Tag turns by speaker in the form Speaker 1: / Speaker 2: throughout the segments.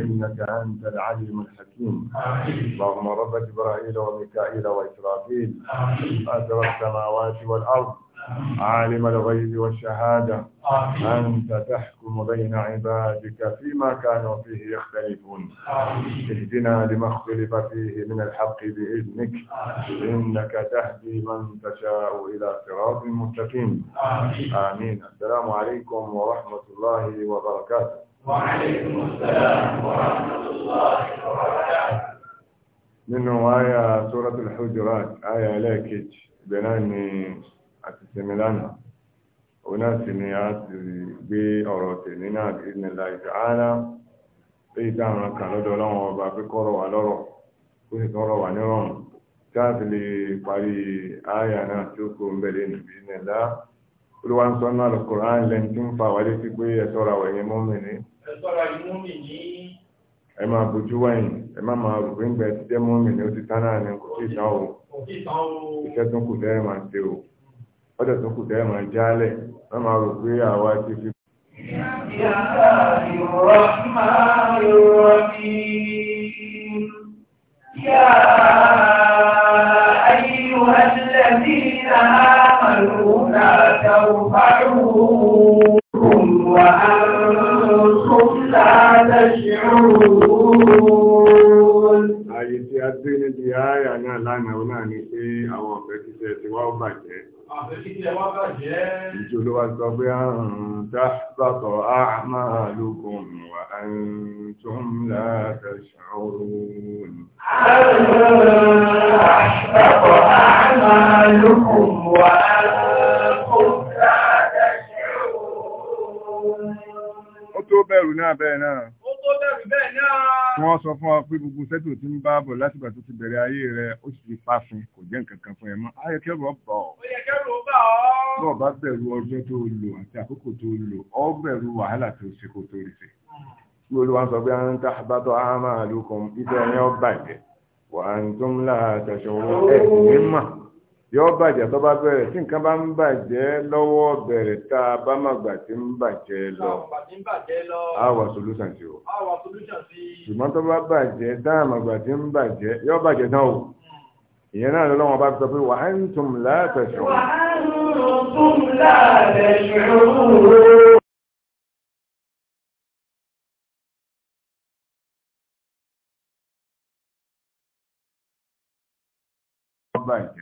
Speaker 1: إنك أنت العليم الحكيم اللهم رب إبراهيم وميكائيل وإسرافيل أسر السماوات والأرض عالم الغيب والشهادة أنت تحكم بين عبادك فيما كانوا فيه يختلفون اهدنا لما اختلف فيه من الحق بإذنك إنك تهدي من تشاء إلى صراط مستقيم آمين السلام عليكم ورحمة الله وبركاته وعليكم السلام ورحمة الله وبركاته nínú àyà suratul hujurat àyà ẹlẹ́ẹ̀kejì bẹ̀rẹ̀ ni àti sinmi lánàá òun náà sì ni a ti gbé ọ̀rọ̀ tèmi náà ìdínlá ìdáhánà pé ìdáhùn kan lọ́dọ̀ ọlọ́run ọba pé kọ́rọ̀ wà lọ́rọ̀ ó sì tọ́rọ̀ wà nírọ̀rùn tí a ti lè parí àyà náà tí ó kó ń bẹ̀rẹ̀ níbi ìdínlá olúwa ń sọ náà lọ́kùnrin lẹ́ni tí ń fa wálé sí pé ẹ ṣọ́ra wẹ̀yìn mọ́mì ní
Speaker 2: ẹ ṣọ́ra mọ́mì ní
Speaker 1: ẹ máa bójú wẹ̀yìn ẹ má máa rò pé ń gbẹ ti jẹ́ mọ́mì ní ó ti tán náà ní kò tí ì o iṣẹ́ tó kù tẹ́rẹ̀ máa ṣe o ọjọ́ tó kù tẹ́rẹ̀ máa jálẹ̀ má máa rò pé àwa ti fi.
Speaker 2: يا أيها الذين آمنوا لا
Speaker 1: Àyè tí a dé níbi ààyà náà lánàá ó náà ni pé àwọn ọ̀fẹ́ kíṣẹ́ ti wá ó bàjẹ́.
Speaker 2: Ọ̀fẹ́ kíṣẹ́ wá bàjẹ́. Ìjọ ló wá sọ
Speaker 1: pé àrùn Ó tó bẹ̀rù náà bẹ́ẹ̀ náà. Wọ́n sọ fún ọ pé gbogbo sẹ́tò tí ń bá bọ̀ látìgbà tó ti bẹ̀rẹ̀ ayé rẹ̀ ó sì ti pa fún kò jẹ́ nǹkan kan fún ẹ mọ́. Ayé kẹ́rù ọ̀bà ọ̀. Bọ́ọ̀ bá bẹ̀rù ọjọ́ tó lò àti àkókò tó lò, ọ bẹ̀rù wàhálà tó ṣe kó tó rí sí. olúwa sọ pé à ń ta àbátọ̀ àmàlùkùn, ìfẹ́ ẹni ọ bàjẹ́, wà á ń tún láàtàṣọ̀rọ̀ ẹ̀ yọ bàjẹ́ tó bá bẹ̀rẹ̀ tí nǹkan bá ń bàjẹ́ lọ́wọ́ bẹ̀rẹ̀ tá a bá má gbà tí ń bàjẹ́ lọ
Speaker 2: a wà solúsàn sí o ṣùgbọ́n tó
Speaker 1: bá bàjẹ́ tá a má gbà tí ń bàjẹ́ yọ bàjẹ́ náà o hmm. ìyẹn náà lọ́wọ́ wọn bá sọ pé wa antum la tash'urun. wa
Speaker 2: antum la tash'urun.
Speaker 3: bàjẹ́.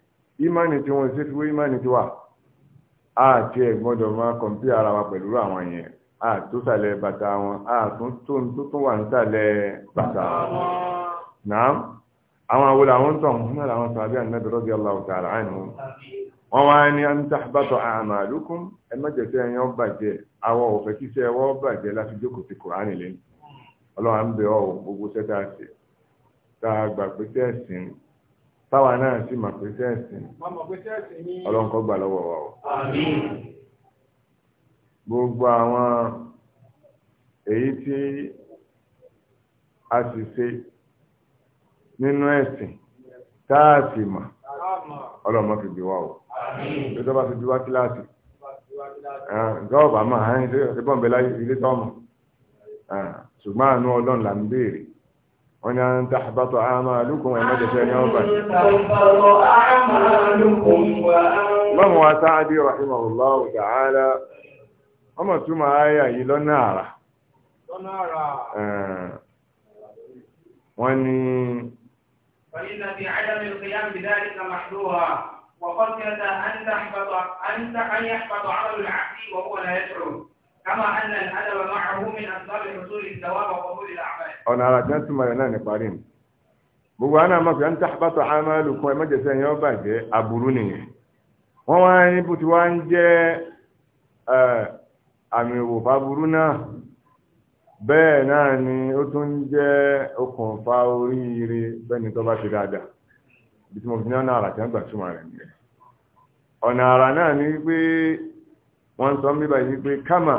Speaker 1: ìmánì tí wọ́n ṣe fi wé ìmánì tí wà àti ẹ̀gbọ́dọ̀ máa kọ̀m̀pí ara wa pẹ̀lú àwọn yẹn àtúntàlẹ̀ bàtà wọn àtúntún tó tún wà nítàlẹ̀ bàtà wọn. nàám àwọn àwọn àwọn tó àwọn náà làwọn sàbí ànábì radiyallahu ta'ala anhum wọn wá ní an tahbata a'malukum ẹ mẹjẹsẹ ẹyàn ó bàjẹ́ àwọn òfẹ kíṣẹ ẹwọ bàjẹ́ láti jókòó ti Kùránì lẹ́nu Ọlọ́run à ń bẹ ọ gbogbo sẹta sí tá a gbà táwa náà sì mọ̀ pé sẹ́ẹ̀sìn ọlọ́nkọ́ gbà lọ́wọ́ wa o. gbogbo àwọn èyí tí a sì ṣe nínú ẹ̀sìn tá a sì mọ̀ ọlọ́mọ fi bí wa o. bí tọ́ba fi bí wa kíláàsì
Speaker 3: ǹjọ́ ọ̀bà máa
Speaker 1: ń ṣe bọ́ǹbẹ̀ láyé ilé tọ́mọ̀ ṣùgbọ́n àánú ọlọ́run là ń béèrè. ونن تحبط اعمالكم وما دشنوا بها اللهم وسعد رحمه الله تعالى وما ثم اي لنارا
Speaker 2: لنارا
Speaker 1: آه. وني
Speaker 2: فان في عدم القيام بذلك محذوها وقد كان ان ان يحبط عمل العبد وهو لا يشعر
Speaker 1: ọ̀nà ara tí wọ́n náà ní parí ni gbogbo àwọn àmọ́ ń tàbátọ̀ àmàlù kan yẹn ó bàjẹ́ aburú nìyẹn wọ́n wá ní bó ti wá ń jẹ́ àmì ìwòfà burú náà bẹ́ẹ̀ náà ni ó tún ń jẹ́ okùnfà oríire bẹ́ni tó bá ti dáadáa bí mo fi ní ọ̀nà gbà rẹ̀ nìyẹn ọ̀nà náà ni wọ́n sọ pé kámà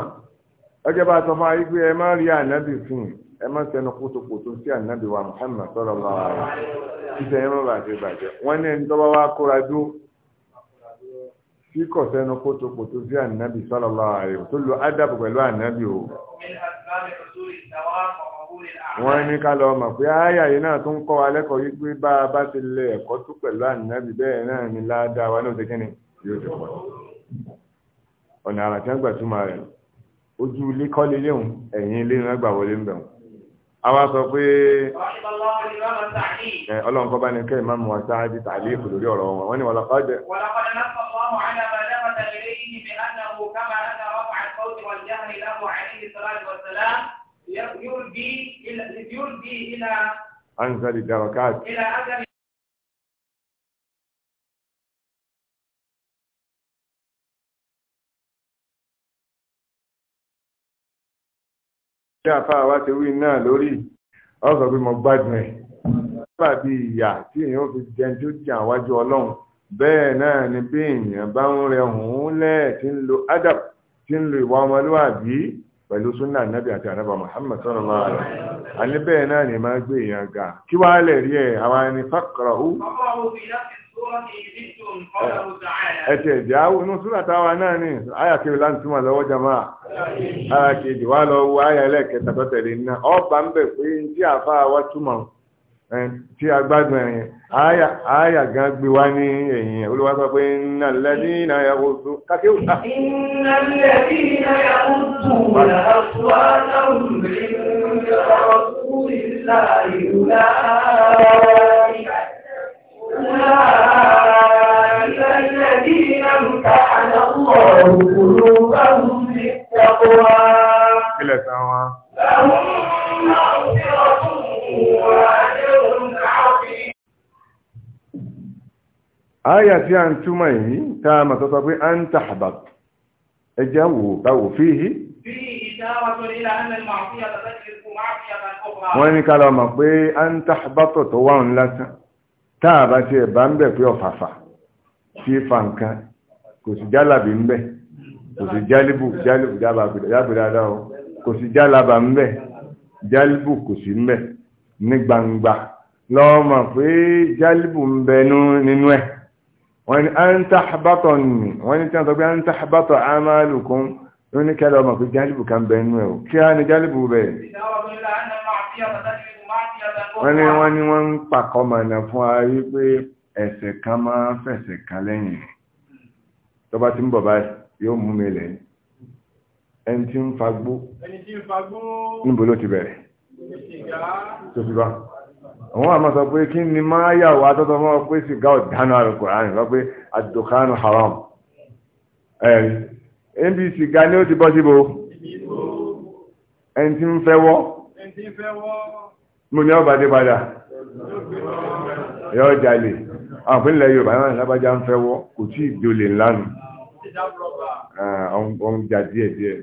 Speaker 1: ẹ má sẹnu kótókótó sí ànábì wa Muhammad sallallahu alaihi wasallam títẹ ẹ má bàjẹ́ bàjẹ́ wọ́n ní ẹni tọ́ba wa kóra dó tí kò sẹnu sí ànábì sallallahu alaihi wasallam tó lo ádàbò pẹ̀lú ànábì o. wọ́n ní ká lọ mọ̀ pé ááyà yìí náà tún kọ́ wa lẹ́kọ̀ọ́ yìí pé bá a bá ti lẹ ẹ̀kọ́ tó pẹ̀lú ànábì bẹ́ẹ̀ náà ni ládàá wa náà ṣe ni yóò ti pọ̀ ọ̀nà àràtí àgbà túmọ̀ rẹ̀ ojú ilé kọ́lé léhùn ẹ̀yìn ilé náà gbà wọlé ń bẹ̀rùn àwa sọ pé
Speaker 2: ọlọ́run kọ́ bá ní kẹ́ ìmáàmù wa
Speaker 1: sáájú tàbí èkó lórí ọ̀rọ̀ wọn wọ́n ní wọ́n lọ́kọ́ jẹ́. أنزل الدركات إلى
Speaker 2: أجل
Speaker 3: tí àfa
Speaker 1: àwa ti wí náà lórí ọ̀sọ̀ pé mo gbádùn ẹ̀ nígbà bí ìyà tí èèyàn fi jẹ àwájú ọlọ́run bẹ́ẹ̀ náà ni bí èèyàn bá ń rẹ hùn ń lo adab tí ń lo ìwà ọmọlúwàbí pẹ̀lú súnà nàbì àti ànábà Muhammad sallallahu alaihi wasallam àní bẹ́ẹ̀ náà ni ga kí wàá àwa ni fàkàrà ẹ̀tẹ̀ ìdí àwọn súnàtàwà náà ní ayàkiri láti túnmà lọ́wọ́ jama wà lọ ọba ń pé tí wa túmọ̀ tí a gbádùn ẹ̀yìn ayà gan gbé wá ní ẹ̀yìn olúwa sọ pé nà lẹ́dí nà yà wò tó kákéwù náà.
Speaker 2: nà nà yà wò tó wà Kílẹ̀ tán wá.
Speaker 1: Àyà tí a ń túmọ̀ yìí tá a mọ̀ sọ́sọ́ pé a ń tàbà ẹjá wò báwò fíhí. Wọ́n ní ká lọ pé a ń tàbà tọ̀ wáhùn lásán. Táàbà ti ẹ̀bá ń bẹ̀ pé ọ̀fàfà tí nǹkan kò sí jálàbí ń bẹ̀ kò sí jálíbù jálíbù jábẹ̀ dáadáa o kò sí jálàbà ń bẹ̀ jálíbù kò sí ń bẹ̀ ní gbangba lọ́mọ pé jálíbù ń bẹ nínú ẹ̀ wọ́n ni a ń tàbátọ̀ nì wọ́n ni tí wọ́n sọ pé a ń tàbátọ̀ amálùkún ló ní kẹ́lẹ̀ ọmọ pé jálíbù kan bẹ nínú ẹ̀ o kí á ní jálíbù bẹ̀ wọ́n ni wọ́n ń pàkọ́ mọ̀nà fún ayé pé ẹ̀ṣẹ̀ kan máa fẹ̀ṣẹ̀ kan lẹ́yìn rẹ̀ tọba tí ń bọ̀ báyìí yóò mú mi lẹ́yìn ẹni tí ń fagbó
Speaker 2: níbo ló ti bẹ̀rẹ̀ tó fi bá
Speaker 1: àwọn àmọ́ sọ pé kí ni máa yà wá tọ́tọ́ fún ọ pé sìgá ọ̀dánù Al-Kùránì sọ pé àdùkánù haram ẹ̀rí ẹni sìgá ni ó ti bọ́ síbo ẹni tí ń fẹ́
Speaker 2: wọ́
Speaker 1: mo ní ọba dé padà yọ jalè àwọn ìpínlẹ̀ Yorùbá náà lábájá ń fẹ́ wọ́ kò tí ì dolè ńlá nù ọ̀n ah, jà díẹ̀ díẹ̀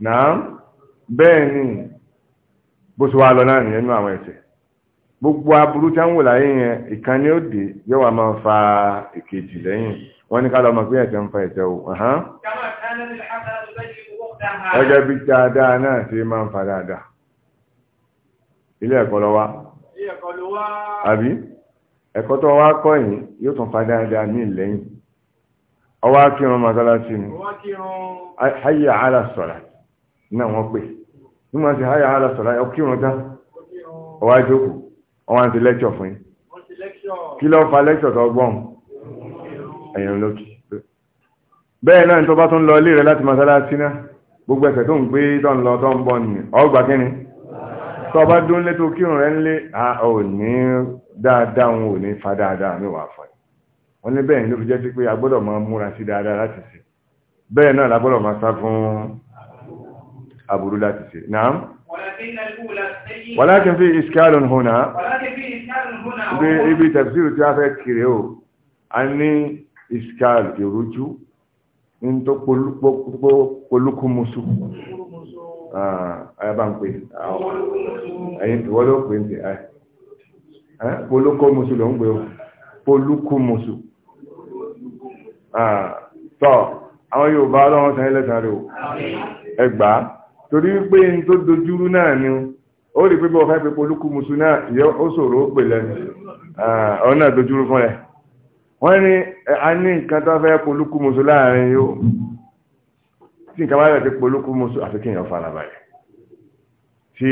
Speaker 1: náà bẹ́ẹ̀ ni bó ṣe wá lọ náà nìyẹn nínú àwọn ẹ̀ṣẹ̀ gbogbo aburú tí a ń wò láyé yẹn ìkan ni ó dé yóò wá máa fa èkejì lẹ́yìn wọ́n ní ká lọ mọ̀ pé ẹ̀ṣẹ̀ ń fa ẹ̀ṣẹ̀ o gẹ́gẹ́ bí dáadáa náà ṣe máa ń fa dáadáa ilé ẹ̀kọ́ lọ wá àbí ẹ̀kọ́ tó wá kọ́ yìí yóò tún fa dáadáa ní ìlẹ́yìn ọwọ́ akírun mọ́sálásí ni hayya ala sọ̀rọ̀ náà wọ́n pè nígbà tí hayya ala sọ̀rọ̀ ọkírun tán ọwọ́ ajókòó ọwọ́ àti lẹ́kṣọ̀ fún yín kí ló fa lẹ́kṣọ̀ tó gbọ́n ẹ̀yìn lókì bẹ́ẹ̀ náà tó bá tún lọ ilé rẹ láti mọ́sálásí náà gbogbo ẹ̀sẹ̀ tó ń gbé tó ń lọ tó ń bọ̀ nìyẹn ọgbà kínni tó bá dún létò kírun rẹ ńlé a ò ní dáadáa òun ò ní fa dáadáa mi wà fún wọ́n ní bẹ́ẹ̀ ló fi jẹ́ sí pé a gbọ́dọ̀ máa múra sí dáadáa láti ṣe bẹ́ẹ̀ náà la gbọ́dọ̀ máa sá fún aburú láti ṣe naam
Speaker 2: walakin fi iskalun huna ibi tafsir
Speaker 1: tí a fẹ́ kiri o a ní iskal ìrújú ní tó polúkúmusu ayaba ah, ah, ẹ̀yìn tí wọ́n ló pè ń tẹ̀ polúkúmusu ló ń pè o polúkúmusu tọ́ àwọn Yorùbá ọlọ́run sàn ilẹ̀ sàrẹ̀ o ẹgbà torí pé n tó dojúrú náà ni ó rí pé bí wọ́n fẹ́ pé polúkú musu náà yẹ ó ṣòro ó pè lẹ́nu ọ̀hún náà dojúrú fún rẹ̀ wọ́n ní a ní nǹkan tó fẹ́ polúkú musu láàrin yóò tí nǹkan bá rẹ̀ ti polúkú musu àti kí èèyàn fara balẹ̀ tí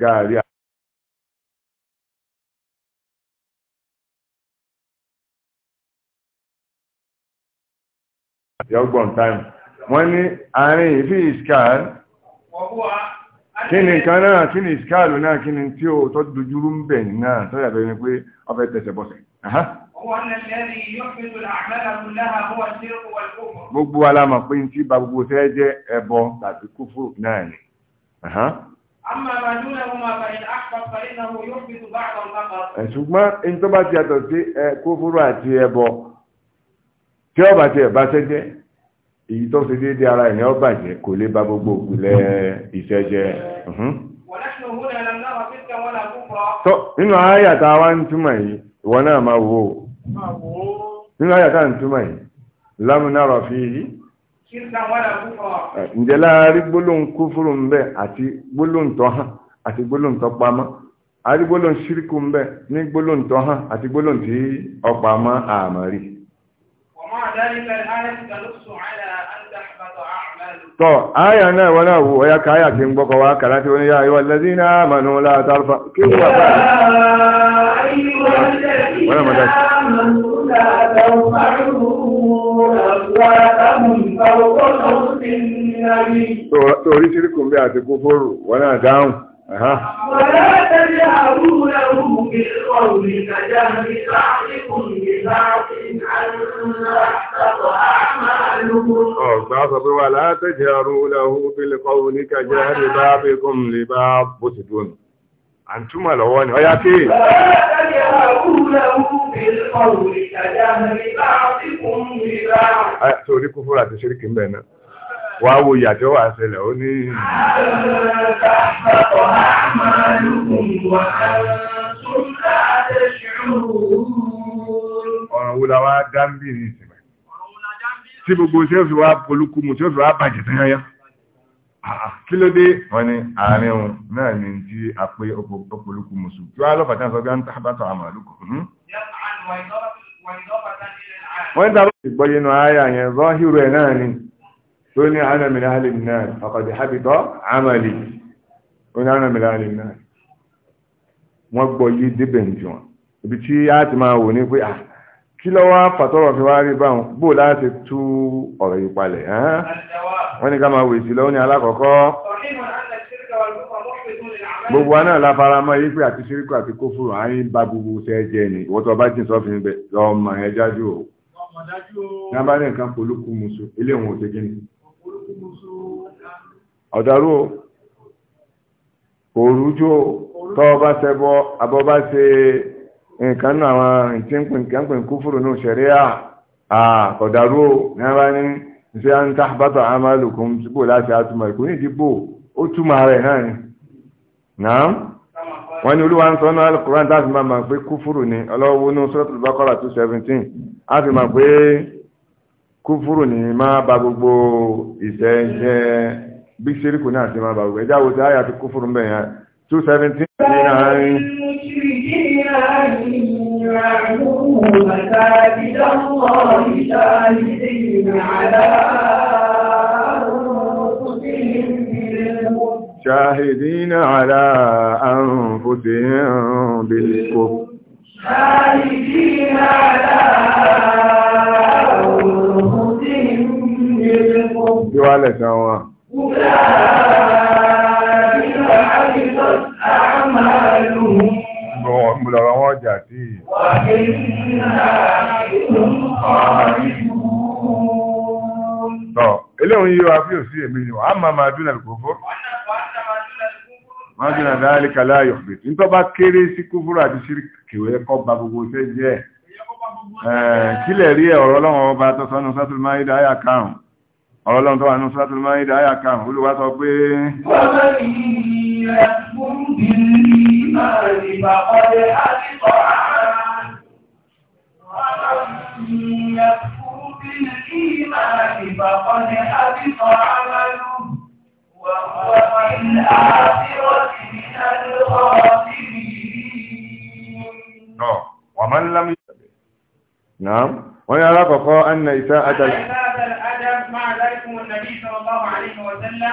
Speaker 1: gaari yọ́gbọ̀n táìmù wọ́n ní àárín ìfí ìskáàl
Speaker 2: kí ni nǹkan náà
Speaker 1: kí ni ìskáàlù náà kí ni tí ó tọ́ dojúrú ń bẹ̀ náà tó yàtọ̀ ní pé ọfẹ́ tẹ̀sẹ̀ bọ́sẹ̀ gbogbo alamọ̀ pé tí ba gbogbo tẹ́ jẹ́ ẹbọ tàbí kúfùrù náà ni ṣùgbọ́n in tó bá ti yàtọ̀ sí kúfùrù àti ẹbọ tí ọba tí ẹ̀ bá sẹ́jẹ́ èyí tó ṣe ara ẹ̀ ní ọba jẹ kò lè ba gbogbo òkúlẹ̀ iṣẹ́
Speaker 2: tó nínú ayàtà
Speaker 1: wa ń túmọ̀ yìí ìwọ náà máa wò ó nínú ayàtà ń túmọ̀ yìí lámúnárọ̀ fi yìí ǹjẹ́ láàárín gbólóhùn kúfúrú ń àti gbólóhùn tó hàn àti gbólóhùn tó pamọ́ gbólóhùn ń ní gbólóhùn tó hàn àti gbólóhùn tí àmọ́ rí.
Speaker 2: ومع ذلك الآية تنص على أن تحبط أعمالكم
Speaker 1: طب آية أنا ولا هو يا كايا تنبقى وكلات يا أيها الذين آمنوا لا ترفع كيف يا
Speaker 2: أيها الذين آمنوا لا ترفعوا أصواتكم فوق صوت النبي
Speaker 1: توري شركم بها تكفر ولا داون
Speaker 2: ولا تجهروا له بالقول كجهل بعضكم ببعض
Speaker 1: Ọ̀gbá sọ pé wà látẹ́jẹ́ ọrún olóhun bí lè kọ́ òní kẹjẹ́ rí bá bí gùn lè bá bó ti dùn. À ń túmọ̀ lọ́wọ́ ni, ọya kí. Torí kú fúra ti ṣírí ọ̀ràn wo la wá dáńbì ní ìsìnkú tí gbogbo tí ó fi wá polúkú mu tí ó fi wá bàjẹ́ tán yányá kí ló dé wọ́n ní àárín òun náà ní tí a pé ọpọlọpọ mùsùn tí hmm? wọ́n á lọ́pàá tán sọ bí wọ́n tábà tán àmà lókò. wọ́n ń tàbí ìgbọ́yé inú ayà yẹn zọ́hírù ẹ̀ náà ni tó ní ànàmìlà alì náà ọ̀kọ̀dì hábitọ́ àmàlì ó ní ànàmìlà alì náà wọ́n gbọ́ yí débẹ̀ nìjọ́ ibi tí a ti máa wò ní pé ah, kí ló wá fàtọ́rọ̀ fi wá rí báhùn bó láti tú ọ̀rọ̀ yìí palẹ̀ wọ́n ní ká máa wèsì lọ́wọ́ ní alákọ̀ọ́kọ́
Speaker 3: gbogbo wa náà láfara
Speaker 1: mọ́ yí pé àti ṣíríkù àti kófùrù àárín bá gbogbo ṣẹ́ jẹ́ ni ìwọ́n tó bá jìn sọ́fin bẹ̀ lọ́mọ ẹ jájú o nàbà ní nǹkan musu ilé wọn o òrùjó tọ́ ọba ṣẹbọ abọ́ bá ṣe nǹkan nínú àwọn ìtìǹkùn kúfùrù náà ṣẹ̀ríà a. ní wọ́n ní ṣe à ń ta bàtà amálùkùn síbò láti àtúmọ̀ ìkú ní ìdìbò ó túmọ̀ rẹ̀ náà ni. náà wọ́n ní olúwa ń sọ láti máa pé kúfùrù ni ọlọ́wọ́ ní suratul Baqara two seventeen á fi pé kúfùrù ni máa ba gbogbo
Speaker 2: إلى الله شاهدين على
Speaker 1: شاهدين على أنفسهم بالكفر
Speaker 2: شاهدين على أنفسهم بالكفر جوالة سوا أولئك حبطت أعمالهم
Speaker 1: Mo lọ̀rọ̀ wọn Eléhun yíò àfí ò sí èmi ni wà máa máa dúnà kòfó. Máa dúnà dáálì kàlá yọ̀fẹ́. Ní tó bá kéré sí kúfúrú àti sírí kèwẹ́ kọ́ bá gbogbo ṣe jẹ́. Kílẹ̀ rí ọ̀rọ̀ ọlọ́run ọba tó sọ́nù sátúrú máa ń dá àyà karùn-ún. Ọ̀rọ̀ ọlọ́run tó wà ní sátúrú máa ń dá àyà karùn-ún. Olúwa sọ pé. Wọ́n
Speaker 2: يكفر بالإيمان فقد حبط عمله وهو في
Speaker 1: الآخرة من الخاسرين ومن لم نعم وهي رقق أن إساءة
Speaker 2: الأدب مع ذلك النبي صلى الله عليه وسلم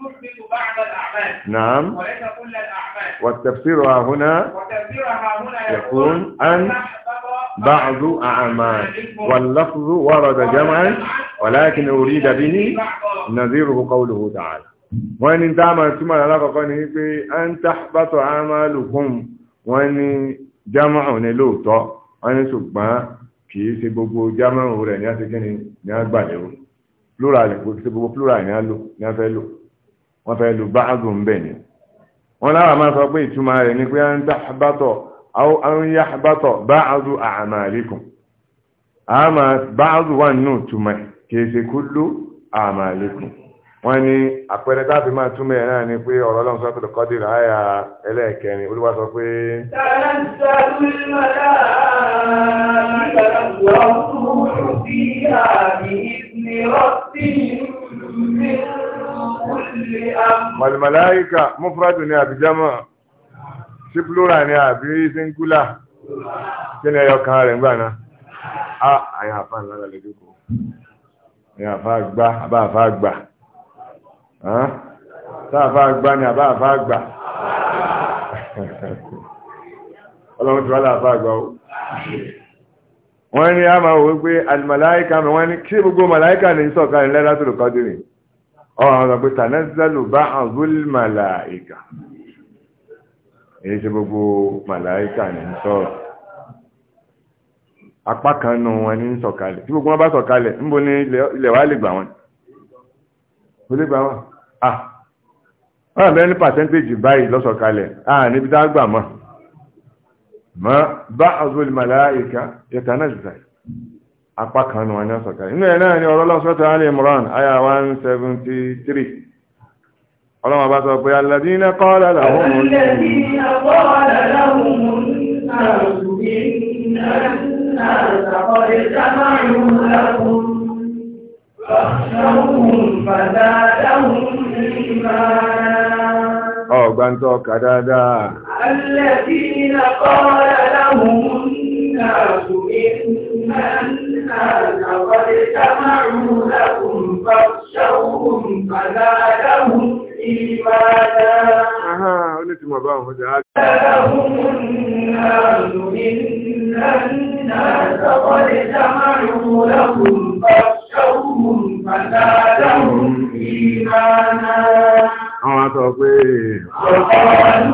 Speaker 2: تثبت بعض الأعمال نعم وليس كل الأعمال وتفسيرها هنا وتفسيرها هنا يكون أن
Speaker 1: بعض أعمال واللفظ ورد جمعا ولكن أريد به نظيره قوله تعالى wọ́n ni dáàmà túnmọ̀ alákọ̀ọ́kọ́ ni pé an tahbatu amalukum wọ́n ni jámọ̀ ní lóòtọ́ wọ́n ni ṣùgbọ́n kìí ṣe gbogbo jámọ̀ rẹ̀ ní àti kíni ní àgbàlẹ̀ o plural ní gbogbo plural ní a fẹ́ lò wọ́n fẹ́ lu báàgù ń ni wọ́n lára máa sọ pé ìtumọ̀ rẹ̀ ni pé ń dábàtọ̀ àwọn yábàtọ̀ báàgù àmàlíkùn wà nínú m'a kì í ṣe wọ́n ní àpẹẹrẹ máa náà ni pé ọ̀rọ̀ ọlọ́run sọ́tò lè kọ́dì ráyà ẹlẹ́ẹ̀kẹrin olúwa sọ pé. màlìmàláìkà mufradu ni àbí jama sí plural ni àbí singular kí ni ẹyọ kan rẹ̀ ń gbà náà a àyà àfa ńlá lálẹ́ dúkọ́ àyà àfa gbá àbá àfa gbà tá àfa gbá ni àbá àfa gbà ọlọ́run tí wọ́n lè àfa gbà ó wọ́n ní a máa wò pé àlìmàláìkà wọ́n ní kí gbogbo màláìkà ní lẹ́dá tó lè dìrín ọ̀rọ̀ ọ̀rọ̀ pé tànẹ́sẹ̀lù bá àgúl màláìkà èyí ṣe gbogbo màláìkà ní sọ̀rọ̀ apá kan nù wọn ní sọ̀kalẹ̀ tí gbogbo wọn bá sọ̀kalẹ̀ níbo ni ilẹ̀ wa lè gbà wọn ó lè gbà wọn à ọ̀rọ̀ bẹ́ẹ̀ ní pàṣẹ́ntéèjì báyìí lọ́sọ̀kalẹ̀ à níbi tá a gbà mọ́ mọ́ bá àgúl màláìkà yẹ tànẹ́sẹ̀lù apá kan nù wọn ní inú ẹ̀ náà ni ọ̀rọ̀ lọ́sọ̀tà Imran aya one seventy three ọlọ́wọ́n bá sọ pé alladhina qala lahum alladhina qala lahum an-nasu inna an-nasa qad jama'u lakum ọ̀gbà ń tọ́ ọkà dáadáa.
Speaker 2: Alladhina qala lahum an-nasu inna Onítìmọ̀ bá wọn jẹ́ ágbà. Àwọn atọ́ pé ọ̀pọ̀ ọdún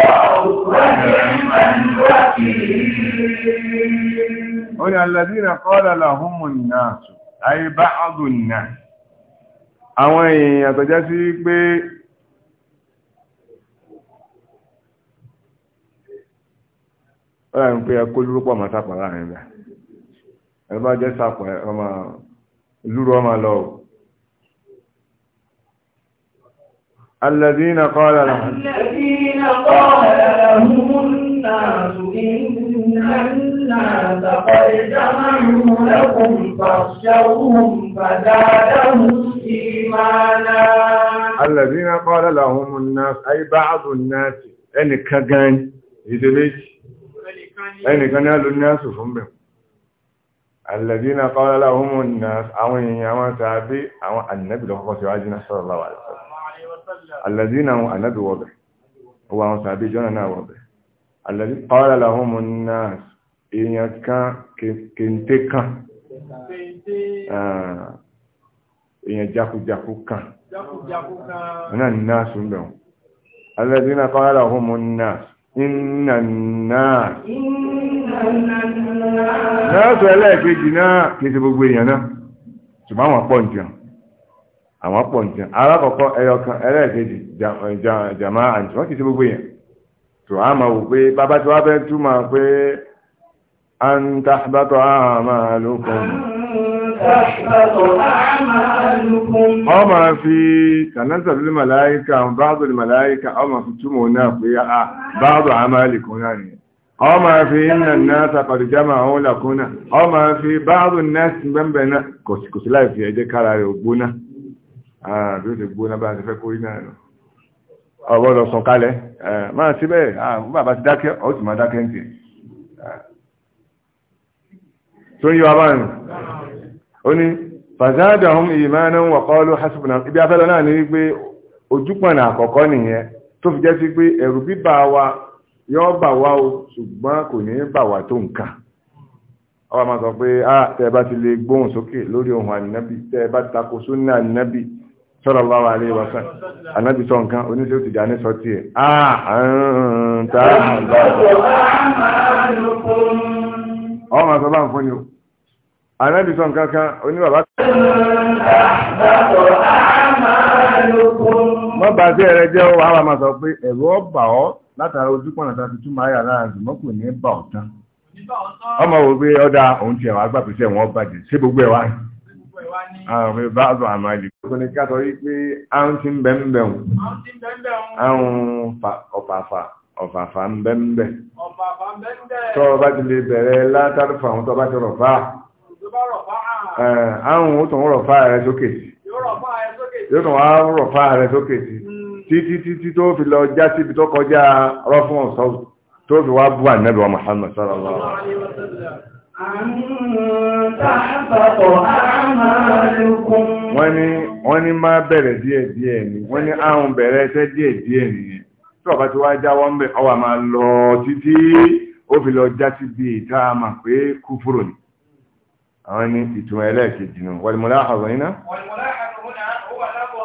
Speaker 2: lọ́wọ́ ọ̀pọ̀ ẹ̀rẹ́ ìmọ̀ ìlú àkìrí
Speaker 1: ó ní alàdínà kọ́lá làhúnmùn náà ayé bá ọdún náà àwọn èèyàn tọ́já sí pé ọ̀rọ̀ ń pé ẹkó lúrúpọ̀ máa sápà láàrin rẹ̀ ẹ jẹ́ sápà ọmọ lúrú ọmọ lọ الذين قال لهم
Speaker 2: قد لكم فاخشوهم فزادهم إيمانا الذين
Speaker 1: قال لهم الناس أي بعض الناس أن كان يدريج أن كان الناس هم بهم الذين قال لهم الناس أو يوم تابي أو النبي لهم قصي صلى الله عليه وسلم الذين هم النبي واضح هو تابي جننا واضح الذي قال لهم الناس èèyàn kan kèǹté kan èèyàn jákujàku kan náà ní náà sùn bẹ̀rù alẹ́dínà kan rárá ọ̀hún mọ́ náà iná náà
Speaker 2: náà sọ ẹlẹ́ẹ̀kejì
Speaker 1: náà kìí ṣe gbogbo èèyàn náà ṣùgbọ́n àwọn pọ̀ nìkan àwọn pọ̀ nìkan alákọ̀ọ́kọ́ ẹyọkan ẹlẹ́ẹ̀kejì jàmáà àǹtí wọ́n kìí ṣe gbogbo èèyàn tó a máa wò pé bàbá tí wọ́n fẹ́ túmọ̀ pé أن تحبط أعمالكم ọmọ fi kànáńtà sí màláíkà báàdù màláíkà ọmọ fi túmọ̀ náà pé a báàdù àmàlìkún náà ni ọmọ fi iná náà sàkọ̀dì jama àwọn làkúnnà ọmọ fi báàdù náà sí bẹ́m̀bẹ̀ náà kò sí láì fi ẹjẹ́ kára rẹ̀ gbóná ààrùn tó ti gbóná bá ti fẹ́ kórí tó ń yí wa báyìí ó ní fazadahum imanan wa qalu hasbuna ibi afẹ́lọ náà ní wípé ojúpọ̀nà àkọ́kọ́ nìyẹn tó fi jẹ́ sí pé ẹ̀rù bíbà wa yọ́ bà wá o ṣùgbọ́n kò ní bà wá tó nǹkan ọba máa sọ pé a tẹ bá ti lè gbóhùn sókè lórí ohun ànábì tẹ bá tako súnà ànábì sallallahu alaihi wasallam ànábì sọ nǹkan oníṣẹ́ ò ti dání sọ tiẹ̀ a ń ta
Speaker 2: àmàlùkùn
Speaker 1: ọmọ màá sọ bá ń fún ni o ànábì sọ nǹkan kan oníbàbá. wọ́n bá sí ẹrẹ jẹ́ wàá wà máa sọ pé ẹ̀rọ ọba ọ látara ojú pọ̀nà tá a fi lára ṣùgbọ́n kò ní bà ọ́ ọmọ wo pé ọ̀dà òun tiẹ̀ wá gbà pèsè ẹ̀wọ̀n bàjẹ́ ṣé gbogbo ẹ̀ wá ní. àwọn ọmọ bá sọ àmà ìlú. kò ní ká sọ wípé àwọn ti ń bẹ́ẹ̀ ń bẹ́ẹ̀ wọn. àwọn ọ̀pàfà ọ̀fàfà ń bẹ́ ń bẹ́
Speaker 2: tọ́ ọba ti lè bẹ̀rẹ̀ látàrí fàwọn tọ́ bá ti rọ̀ fáà
Speaker 1: àwọn ó tún rọ̀ fáà rẹ sókè sí
Speaker 2: yóò tún wá rọ̀ fáà rẹ sókè sí
Speaker 1: hmm. títí títí tó fi lọ já síbi tó kọjá rọ́fún ọ̀sọ́ tó fi wá bú ànẹ́bẹ̀ Muhammad sallallahu
Speaker 2: alaihi wasallam wọ́n ní
Speaker 1: wọ́n ní máa bẹ̀rẹ̀ díẹ̀ díẹ̀ ni wọ́n ní àrùn bẹ̀rẹ̀ tẹ́ díẹ̀ díẹ̀ nìyẹn tí ọba ti wá já wọ́n bẹ̀ ọwà máa lọ títí ó fi lọ já sí bí ìta àmà pé kúfúrò ní àwọn ní ìtumọ̀ ẹlẹ́ẹ̀kejì nù wal mulahadha huna
Speaker 2: wal mulahadha huna huwa lahu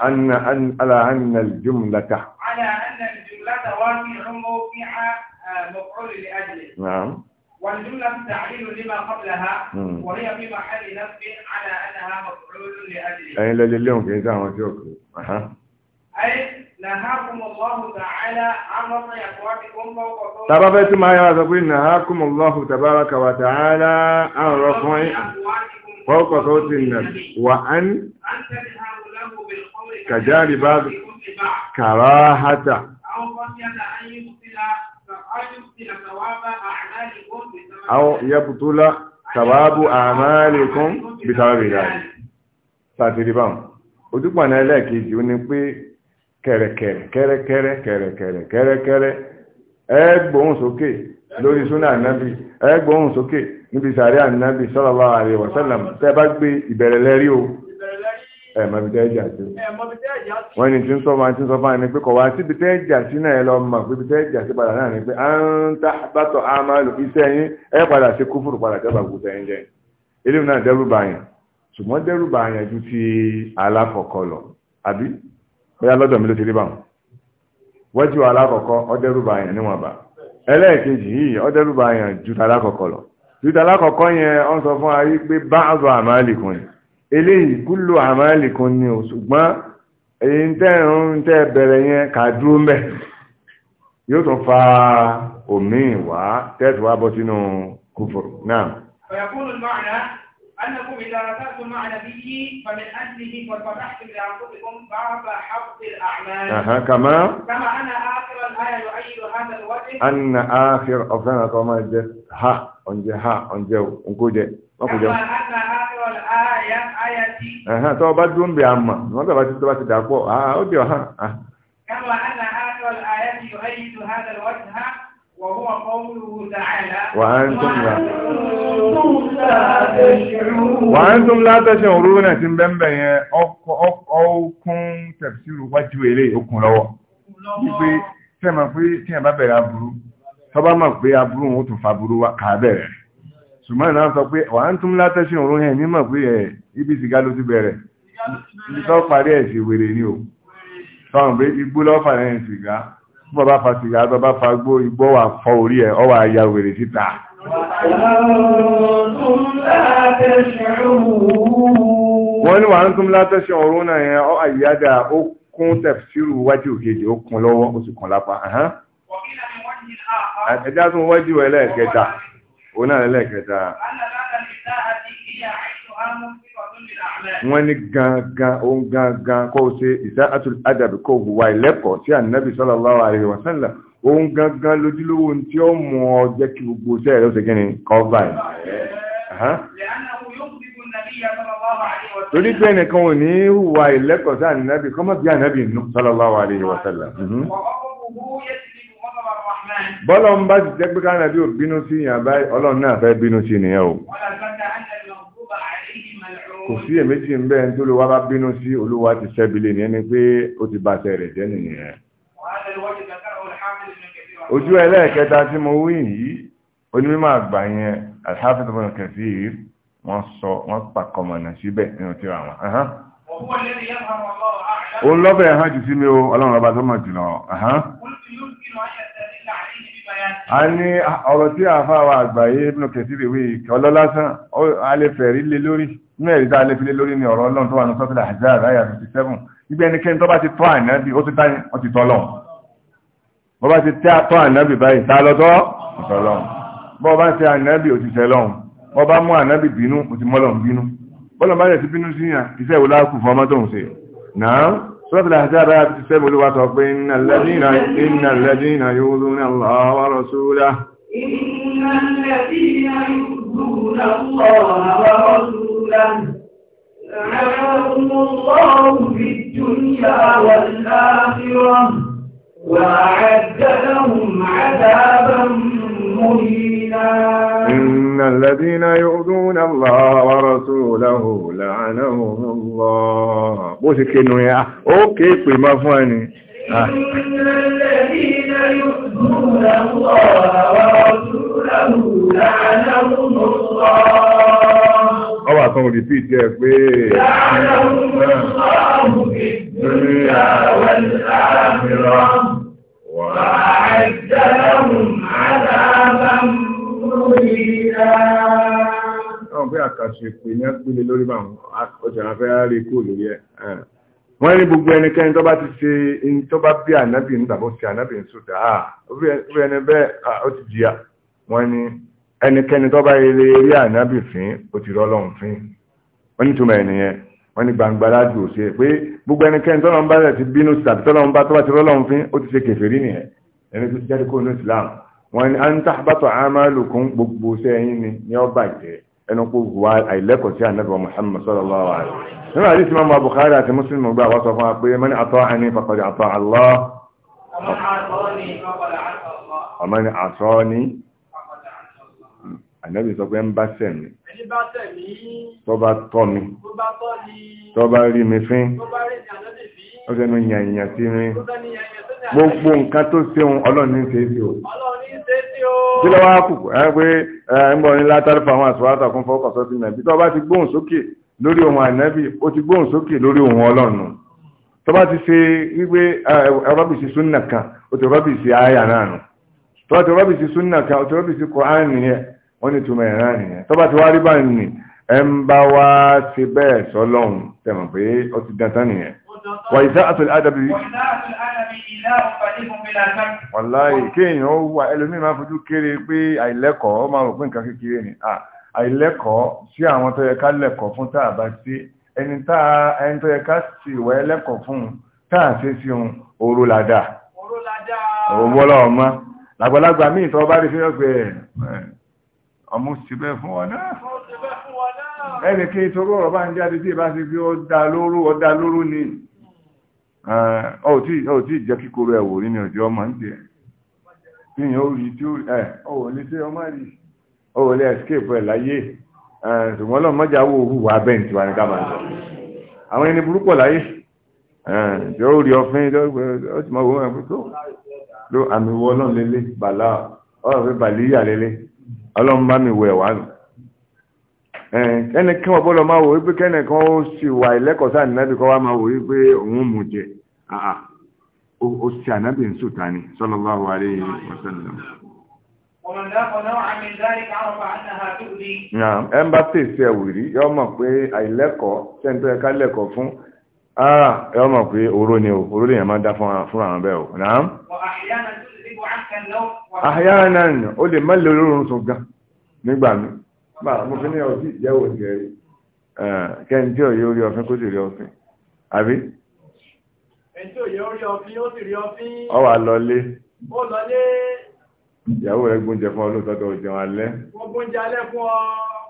Speaker 2: an wallahu a'lam wa والجملة تعليل لما قبلها وهي في محل نصب على أنها مفعول لأجل أي
Speaker 1: لليوم كي زعما أها
Speaker 2: أي نهاكم الله تعالى عن رفع أصواتكم فوق صوت ترى بيت ما
Speaker 1: يعذبون نهاكم الله تبارك وتعالى عن رفع فوق صوت النبي وأن
Speaker 2: أن بعض بالقول كراهة أو قد أن يبطل àwọn ìyẹ́bùtúlá sàwábù àmàlẹ́kún bí sàwábì
Speaker 1: dáadé sàtìrí báwọn ojúpọ̀nà ẹlẹ́ẹ̀kejì ó ní pé kẹ̀rẹ̀kẹ̀rẹ̀ kẹ̀rẹ̀kẹ̀rẹ̀ kẹ̀rẹ̀kẹ̀rẹ̀ kẹ̀rẹ̀kẹ̀rẹ̀ ẹgbòhùn sókè lórí súnà ànábì ẹgbòhùn sókè níbi sàárẹ̀ ànábì sallallahu alaihi wasallam tẹ́ bá gbé ìbẹ̀rẹ̀ lẹ́rí o ẹ mọ ibi tẹ́ ẹ̀jà sí.
Speaker 2: wọ́n ní tí ń sọ fún wa
Speaker 1: tí ń sọ fún wa ni pé kọ̀ wá síbi tẹ́ ẹ̀jà sí náà ẹ lọ mọ̀ pé ibi tẹ́ ẹ̀jà sí padà náà ni pé Anta ń ta bàtọ̀ àmàlù iṣẹ́ yín ẹ padà sí kúfùrù padà tẹ́ bàbù tẹ́ ń jẹ́ eléyìí náà dẹ́rù bàyàn ṣùgbọ́n dẹ́rù bàyàn ju ti aláfọ̀kọ lọ àbí bóyá lọ́dọ̀ mi ló ti rí báwọn wọ́jú alákọ̀ọ́kọ́ ọdẹ́rùbà àyàn níwọ̀nba ẹlẹ́ẹ̀kejì yìí ọdẹ́rùbà àyàn ju talákọ̀ọ́kọ́ lọ ju talákọ̀ọ́kọ́ yẹn ó ń sọ eléyìí kúlò àmàlì kan ni ò ṣùgbọ́n èyí ń tẹ́ ń tẹ́ bẹ̀rẹ̀ yẹn kà mẹ́ yóò tún fa omi wá tẹ́tù wá bọ́ sínú kúfùrù náà
Speaker 2: أنكم إذا ركبتم مع نبيه فمن أجله ففتحتم لأنفسكم باب حفظ الأعمال أها كما كما أن آخر الآية يؤيد هذا الوجه أن آخر
Speaker 1: أفنى كما ها أنجي ها أنجو أها أنكوجي كما
Speaker 2: أن آخر الآية آيتي أها تو
Speaker 1: بدون بأما ما تبغى تبغى تدعو آه أها ها آه.
Speaker 2: كما أن وهو قوله تعالى وأنتم لا وأنتم لا تشعرون
Speaker 1: تنبنبن ọkùn tẹ̀síru wájú ilé ìkùn lọ́wọ́ wípé tẹ́mà pé tí a bá bẹ̀rẹ̀ aburú tọba mọ̀ pé aburú wọn tún faburú wá kà bẹ̀rẹ̀ ṣùgbọ́n ìná sọ pé وأنتم لا تشعرون ẹ̀ nímọ̀ pé ẹ̀ ibi sìgá ló ti bẹ̀rẹ̀ ibi tó parí ẹ̀ sí wèrè ni o sọ̀rọ̀ pé igbó lọ́fà lẹ́yìn sìgá bọ́bá fa sìgá bọ́bá fa gbó igbó wà fọ́ orí ẹ̀ ọwà àyà wèrè síta wọ́n ní wà ń tún látẹ́ṣẹ́ ọ̀rọ̀ náà yẹn ọ àyíyádà ó kún tẹ̀fṣírù wájú òkèjì ó kún lọ́wọ́ ó sì kún lápá ẹ̀dá tún wájú ẹlẹ́ẹ̀kẹta òun náà ẹlẹ́ẹ̀kẹta wọ́n ní gangan ohun gangan kó o ṣe ìsáàtù adàbí kó hùwà ìlẹ́kọ̀ọ́ sí ànábì sallallahu alaihi wa sallam ohun gangan lójúlówó tí ó mú ọ jẹ́ kí gbogbo iṣẹ́ rẹ̀ ó ṣe kí ni kọ́ọ̀bà torí pé ẹnìkan ò ní hùwà ìlẹ́kọ̀ọ́ sí ànábì kọ́mọ̀ bí ànábì sallallahu alaihi wa sallam bọ́lọ̀ ń bá ti jẹ́ pé káàdì ò bínú sí ìyàn kò sí èméjì ń bẹ́ẹ̀ tó lè wá bá bínú sí olúwa ti sẹ́bílẹ̀ ní ẹni pé ó ti bàtẹ̀ rẹ̀ jẹ́ nìyẹn.
Speaker 2: ojú ẹlẹ́ẹ̀kẹta
Speaker 1: tí mo wí yìí onímọ̀ àgbà yẹn Al-Hafiz Ibn wọ́n sọ wọ́n pàkọmọ̀nà síbẹ̀ nínú tí wọ́n.
Speaker 2: òun lọ́bẹ̀ hàn
Speaker 1: jù sí mi o ọlọ́run ọba tó mọ̀ jùlọ a ní ọ̀rọ̀ tí a fà wà àgbáyé nínú kẹsìrì wí ọlọ́lásán alẹ́fẹ̀ẹ́rí lé lórí ní ẹ̀rí tá a lè fi lé lórí ní ọ̀rọ̀ ọlọ́run tó wà ní sọ́tìlà àjáàrá àyà 57 ibi ẹnikẹ́ni tó bá ti tọ́ ànábì ó ti tá ọ ti tọ́lọ̀ bọ́ bá ti tọ́ ànábì báyìí tá lọ́tọ́ ìtọ́lọ̀ bọ́ bá ti ànábì ó ti tẹ́lọ́run bọ́ bá mú ànábì bínú ó ti mọ́lọ̀ bínú bọ́lọ̀ bá yẹ ti bínú síyàn iṣẹ́ ìwòlá kù fún ọmọ tó ń ṣe náà صورة الأهزاب يكتسب آية الوسط إن الذين, إن الذين يوذون الله ورسوله
Speaker 2: إن الذين يوذون الله ورسوله لعنهم الله في الدنيا والآخرة وأعد لهم عذابا مهيبا إن
Speaker 1: الذين يؤذون الله ورسوله لعنهم الله bó ṣe kí nù yá ó kéè pè máa fún
Speaker 2: ẹni
Speaker 1: ọwà kan ò rìpí jẹ́ pé Wàá àìjẹ́ lọ́hùn àdábàmù Àwọn pé àkàṣe pè ní agbélé lórí bá ọjà afẹ́ rí kú lórí ẹ̀. Wọ́n ní gbogbo ẹnikẹ́ni tó bá ti ṣe in tó bá bí ànábì ń tàbí ṣe ànábì ń sùn dáa. Orí ẹni bẹ́ẹ̀ ó ti jìyà. Wọ́n ní ẹnikẹ́ni tó bá rí rí ànábì fín, ó ti rọ́lọ́run fín. Wọ́n ní túmọ̀ ẹ̀nìyẹn wọ́n ní gbangba ládùú ṣe pé gbogbo ẹnikẹ́ni tọ́lọ́mbá rẹ̀ ti bínú tàbí tọ́lọ́mbá tó bá ti rọ́lọ́run fín, ó ti ṣe kèfèrí nìyẹn. Ẹni tó ti jáde kó ní Ìsìlámù wọ́n ní an tahbata amalukum gbogbo sẹ́yìn ni ní ọba ìtẹ́ ẹnu kó wà àìlẹ́kọ̀ọ́ sí ànábì muhammad sallallahu alaihi wasallam nínú àdìsí máa mọ bukhari àti muslim gbà wá sọ fún wa pé man ata'ani faqad ata'a allah ọmọ ni àtọ́ ni ànábì sọ pé ń bá sẹ̀mí tó bá tọ́ mi tó bá rí mi fín ó sẹ́nu yànyàn sí mi gbogbo nǹkan tó ṣeun ọlọ́run ní ṣe é sí o kí lọ́wọ́ á kù ẹ pé ẹ ń bọ̀ ní látàrí fáwọn àṣùwátà fún fọ́kànsọ́ sí nàìjíríà tó bá ti gbóhùn sókè lórí ohun ànábì ó ti gbóhùn sókè lórí ohun ọlọ́run tó bá ti ṣe wípé rọ́bìsì súnà kan ó ti rọ́bìsì àyà náà nù tó bá ti rọ́bìsì súnà kan ó ti rọ́bìsì kọ́án nìyẹn wọ́n ní túmọ̀ ẹ̀rán nìyẹn tó bá ti wá rí báyìí ẹ ń bá wá ti bẹ́ẹ̀ sọ́lọ́run tẹ̀mọ̀ pé ó ti dantan nìyẹn wàìsáàtò àdàbí wàláyé kéèyàn ó wà ẹlòmíì máa fojú kéré pé àìlẹ́kọ̀ọ́ máa rò pé nǹkan kékeré ni àìlẹ́kọ̀ọ́ sí àwọn tó yẹ ká lẹ́kọ̀ọ́ fún tá a bá sí ẹni tó yẹ ká sì wà ẹlẹ́kọ̀ọ́ fún tá a ṣe sí ohun oró ládàá òwúrọ̀ ọmọ làgbàlagbà míì tó bá rí fẹ́rẹ́ pé ọmọ sì bẹ́ fún ọ náà ẹnì kí torí ọ̀rọ̀ bá ń jáde tí ì bá ti fi ó dá lóró ó dá lóró ni ọ̀ tí ìjẹ́ kíkóró ẹ̀wò rí ní ọjọ́ ọmọ ń jẹ́ tí yẹn ó rí tí ó ẹ̀ ọ̀wọ̀ lè tẹ́ ọmọ rí ọ̀wọ̀ lè escape ẹ̀ láyé ṣùgbọ́n lọ́mọ jà wò hùwà bẹ́ẹ̀ tí wà ní ká máa sọ àwọn ẹni burúkọ̀ láyé tí ó rí ọfin ó ti máa wọ́n ẹ̀ tó ló àmì wọ́ ọlọ́run lélẹ̀ bàlá ọ̀rọ̀ fẹ́ bàlíyà lélẹ̀ ọlọ́run bá mi wọ ẹ̀wà nù Eh, ẹnìkan ma máa wò wípé kan ó sì wà ìlẹ́kọ̀ọ́sá ànábì kọ́ wá máa wò wípé òun mú jẹ ó sì ànábì ń sùn tani sallallahu alaihi wasallam. ẹ ń bá tèsí ẹ̀wìrí yọ mọ̀ pé àìlẹ́kọ̀ọ́ sẹ́ńtọ́ ẹ̀ká lẹ́kọ̀ọ́ fún ẹ mọ̀ pé oró ni o oró lèèyàn máa dá fún àwọn bẹ́ẹ̀ o. àhíyá náà ó lè má lè orórun sùn gan nígbà máa mo fi ní ọtí ìjẹ́wò ìgẹ̀rí kẹ́ntí òye orí ọ̀fin kó sì rí ọ̀fin àbí.
Speaker 2: kẹ́ntí òye orí ọ̀fin ó sì rí ọ̀fin. ọ wà lọlé. ó lọlé.
Speaker 1: ìyàwó rẹ gbóúnjẹ fún ọ lóòótọ́ tó jẹun alẹ́.
Speaker 2: wọ́n gbóúnjẹ alẹ́ fún ọ.